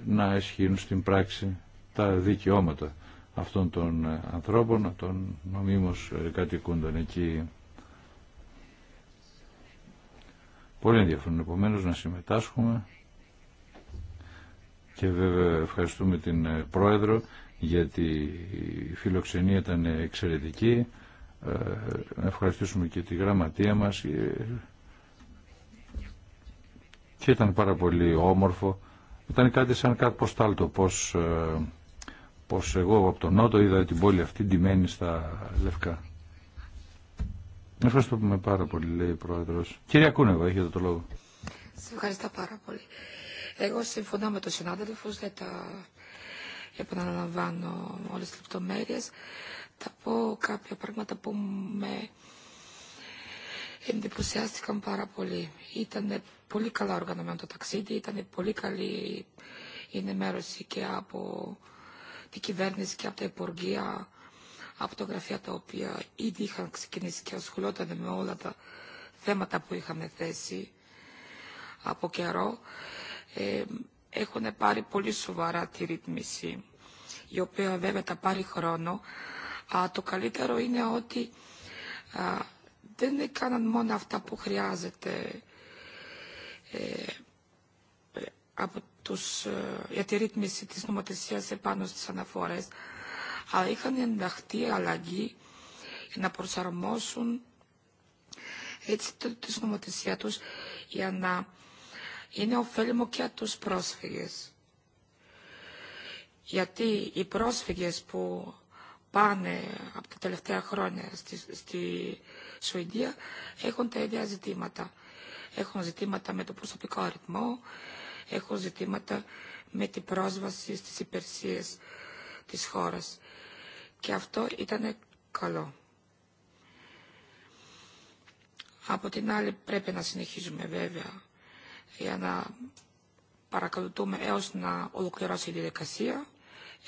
S3: να ισχύουν στην πράξη τα δικαιώματα αυτών των ε, ανθρώπων, των νομίμως ε, κατοικούντων εκεί. Πολύ ενδιαφέρον επομένως να συμμετάσχουμε και βέβαια ευχαριστούμε την Πρόεδρο γιατί η φιλοξενία ήταν εξαιρετική. Ε, να ευχαριστήσουμε και τη γραμματεία μας και ήταν πάρα πολύ όμορφο. Ήταν κάτι σαν κάτι ποστάλτο, πως, ε, πως εγώ από τον Νότο είδα την πόλη αυτή ντυμένη στα λευκά. Ευχαριστούμε πάρα πολύ, λέει η Πρόεδρος. Κυρία Κούνεβα, έχετε το
S1: λόγο. Σε ευχαριστώ πάρα πολύ. Εγώ συμφωνώ με τον συνάδελφο για τα επαναλαμβάνω όλες τις λεπτομέρειες. Θα πω κάποια πράγματα που με εντυπωσιάστηκαν πάρα πολύ. Ήταν πολύ καλά οργανωμένο το ταξίδι, ήταν πολύ καλή η ενημέρωση και από την κυβέρνηση και από τα υπουργεία, από τα γραφεία τα οποία ήδη είχαν ξεκινήσει και ασχολόταν με όλα τα θέματα που είχαμε θέσει από καιρό. Ε, έχουν πάρει πολύ σοβαρά τη ρύθμιση, η οποία βέβαια τα πάρει χρόνο. Α, το καλύτερο είναι ότι δεν έκαναν μόνο αυτά που χρειάζεται ε, από τους, ε, για τη ρύθμιση της νομοθεσίας επάνω στις αναφορές, αλλά είχαν ενταχθεί αλλαγή για να προσαρμόσουν έτσι τη νομοθεσία τους για να είναι ωφέλιμο και τους πρόσφυγες. Γιατί οι πρόσφυγες που πάνε από τα τελευταία χρόνια στη, Σουηδία έχουν τα ίδια ζητήματα. Έχουν ζητήματα με το προσωπικό αριθμό, έχουν ζητήματα με την πρόσβαση στις υπηρεσίες της χώρας. Και αυτό ήταν καλό. Από την άλλη πρέπει να συνεχίζουμε βέβαια για να παρακολουθούμε έως να ολοκληρώσει η διαδικασία,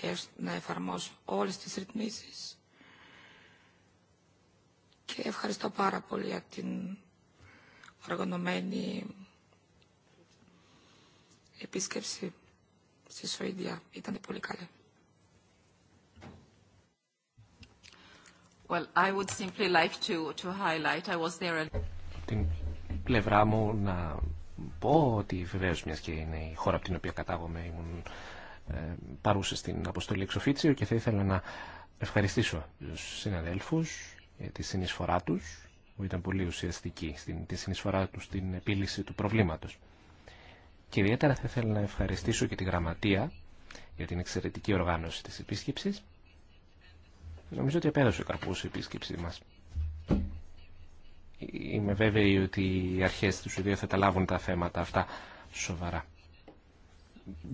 S1: έως να εφαρμόσει όλες τις ρυθμίσεις. Και ευχαριστώ πάρα πολύ για την οργανωμένη επίσκεψη στη Σουηδία. Ήταν πολύ καλή. Well, I would simply like to, to highlight, I was there...
S2: Την πλευρά μου να πω ότι βεβαίω μια και είναι η χώρα από την οποία κατάγομαι ήμουν ε, παρούσα στην αποστολή εξοφίτσιο και θα ήθελα να ευχαριστήσω τους συναδέλφους για τη συνεισφορά τους που ήταν πολύ ουσιαστική στην, τη συνεισφορά τους στην επίλυση του προβλήματος. Και ιδιαίτερα θα ήθελα να ευχαριστήσω και τη Γραμματεία για την εξαιρετική οργάνωση της επίσκεψης. Νομίζω ότι απέδωσε ο καρπούς η επίσκεψή μας. Είμαι βέβαιη ότι οι αρχές του Σουηδία θα τα λάβουν τα θέματα αυτά σοβαρά.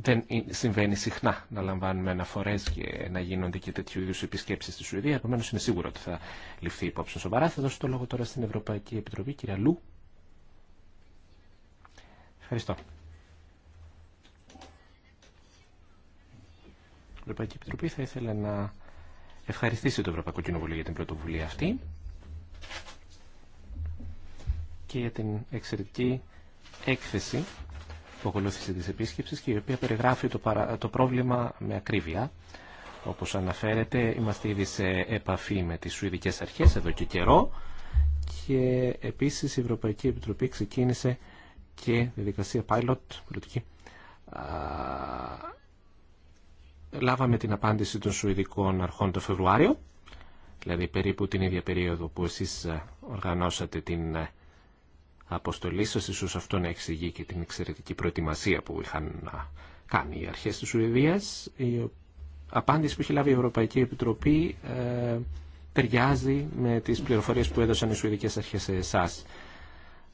S2: Δεν ε, συμβαίνει συχνά να λαμβάνουμε αναφορέ και να γίνονται και τέτοιου είδου επισκέψει στη Σουηδία. Επομένω, είναι σίγουρο ότι θα ληφθεί υπόψη σοβαρά. Θα δώσω το λόγο τώρα στην Ευρωπαϊκή Επιτροπή, κυρία Λου. Ευχαριστώ. Η Ευρωπαϊκή Επιτροπή θα ήθελε να ευχαριστήσει το Ευρωπαϊκό Κοινοβούλιο για την πρωτοβουλία αυτή και για την εξαιρετική έκθεση που ακολούθησε της επίσκεψης και η οποία περιγράφει το, το πρόβλημα με ακρίβεια. Όπως αναφέρεται, είμαστε ήδη σε επαφή με τις Σουηδικές Αρχές εδώ και καιρό και επίσης η Ευρωπαϊκή Επιτροπή ξεκίνησε και διαδικασία pilot, πολιτική. Λάβαμε την απάντηση των Σουηδικών Αρχών το Φεβρουάριο, δηλαδή περίπου την ίδια περίοδο που εσείς οργανώσατε την Αποστολή σα ίσω αυτό να εξηγεί και την εξαιρετική προετοιμασία που είχαν να κάνει οι αρχέ τη Σουηδία, Η απάντηση που έχει λάβει η Ευρωπαϊκή Επιτροπή ε, ταιριάζει με τι πληροφορίε που έδωσαν οι Σουηδικέ αρχέ σε εσά.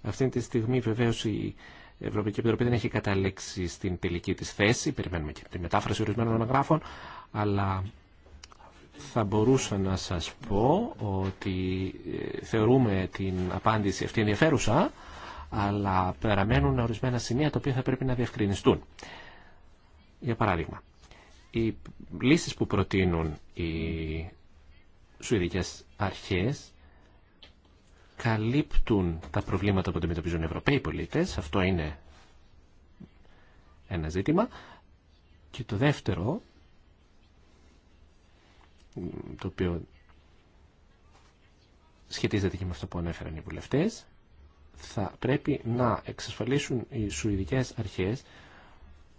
S2: Αυτή τη στιγμή βεβαίω η Ευρωπαϊκή Επιτροπή δεν έχει καταλέξει στην τελική της θέση, περιμένουμε και τη μετάφραση ορισμένων αναγράφων, αλλά θα μπορούσα να σας πω ότι ε, θεωρούμε την απάντηση αυτή ενδιαφέρουσα, αλλά παραμένουν ορισμένα σημεία τα οποία θα πρέπει να διευκρινιστούν. Για παράδειγμα, οι λύσεις που προτείνουν οι Σουηδικές αρχές καλύπτουν τα προβλήματα που αντιμετωπίζουν οι Ευρωπαίοι πολίτες. Αυτό είναι ένα ζήτημα. Και το δεύτερο το οποίο σχετίζεται και με αυτό που ανέφεραν οι βουλευτές, θα πρέπει να εξασφαλίσουν οι σουηδικές αρχές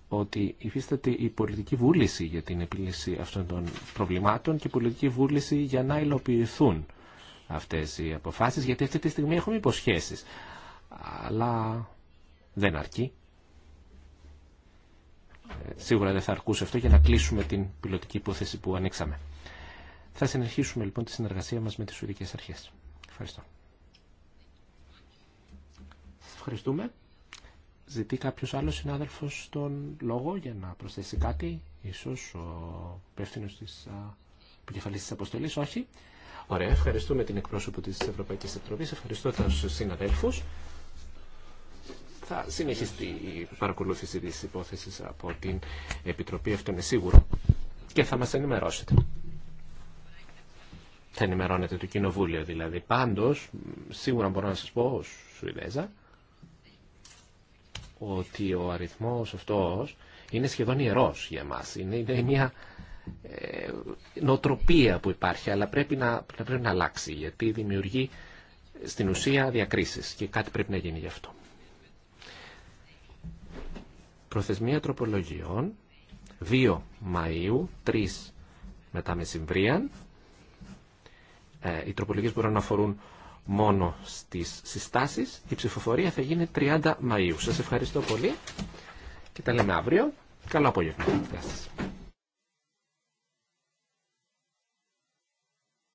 S2: ότι υφίσταται η πολιτική βούληση για την επίλυση αυτών των προβλημάτων και η πολιτική βούληση για να υλοποιηθούν αυτές οι αποφάσεις, γιατί αυτή τη στιγμή έχουμε υποσχέσεις. Αλλά δεν αρκεί. Ε, σίγουρα δεν θα αρκούσε αυτό για να κλείσουμε την πιλωτική υπόθεση που ανοίξαμε. Θα συνεχίσουμε λοιπόν τη συνεργασία μας με τις Σουηδικές Αρχές. Ευχαριστώ. Σας ευχαριστούμε. Ζητεί κάποιος άλλο συνάδελφος τον λόγο για να προσθέσει κάτι. Ίσως ο υπεύθυνο της επικεφαλής της αποστολής. Όχι. Ωραία. Ευχαριστούμε την εκπρόσωπο της Ευρωπαϊκής Επιτροπής. Ευχαριστώ τους συναδέλφους. Θα συνεχιστεί η παρακολούθηση της υπόθεσης από την Επιτροπή. Αυτό είναι σίγουρο. Και θα μας ενημερώσετε θα ενημερώνεται το κοινοβούλιο δηλαδή. Πάντω, σίγουρα μπορώ να σα πω ω Σουηδέζα, ότι ο αριθμός αυτός είναι σχεδόν ιερό για εμά. Είναι, μια ε, νοτροπία που υπάρχει, αλλά πρέπει να, πρέπει να αλλάξει, γιατί δημιουργεί στην ουσία διακρίσεις και κάτι πρέπει να γίνει γι' αυτό. Προθεσμία τροπολογιών 2 Μαΐου, 3 μετά μεσημβρίαν, ε, οι τροπολογίε μπορούν να αφορούν μόνο στις συστάσεις. Η ψηφοφορία θα γίνει 30 Μαΐου. Σας ευχαριστώ πολύ και τα λέμε αύριο. Καλό απόγευμα. Γεια σας.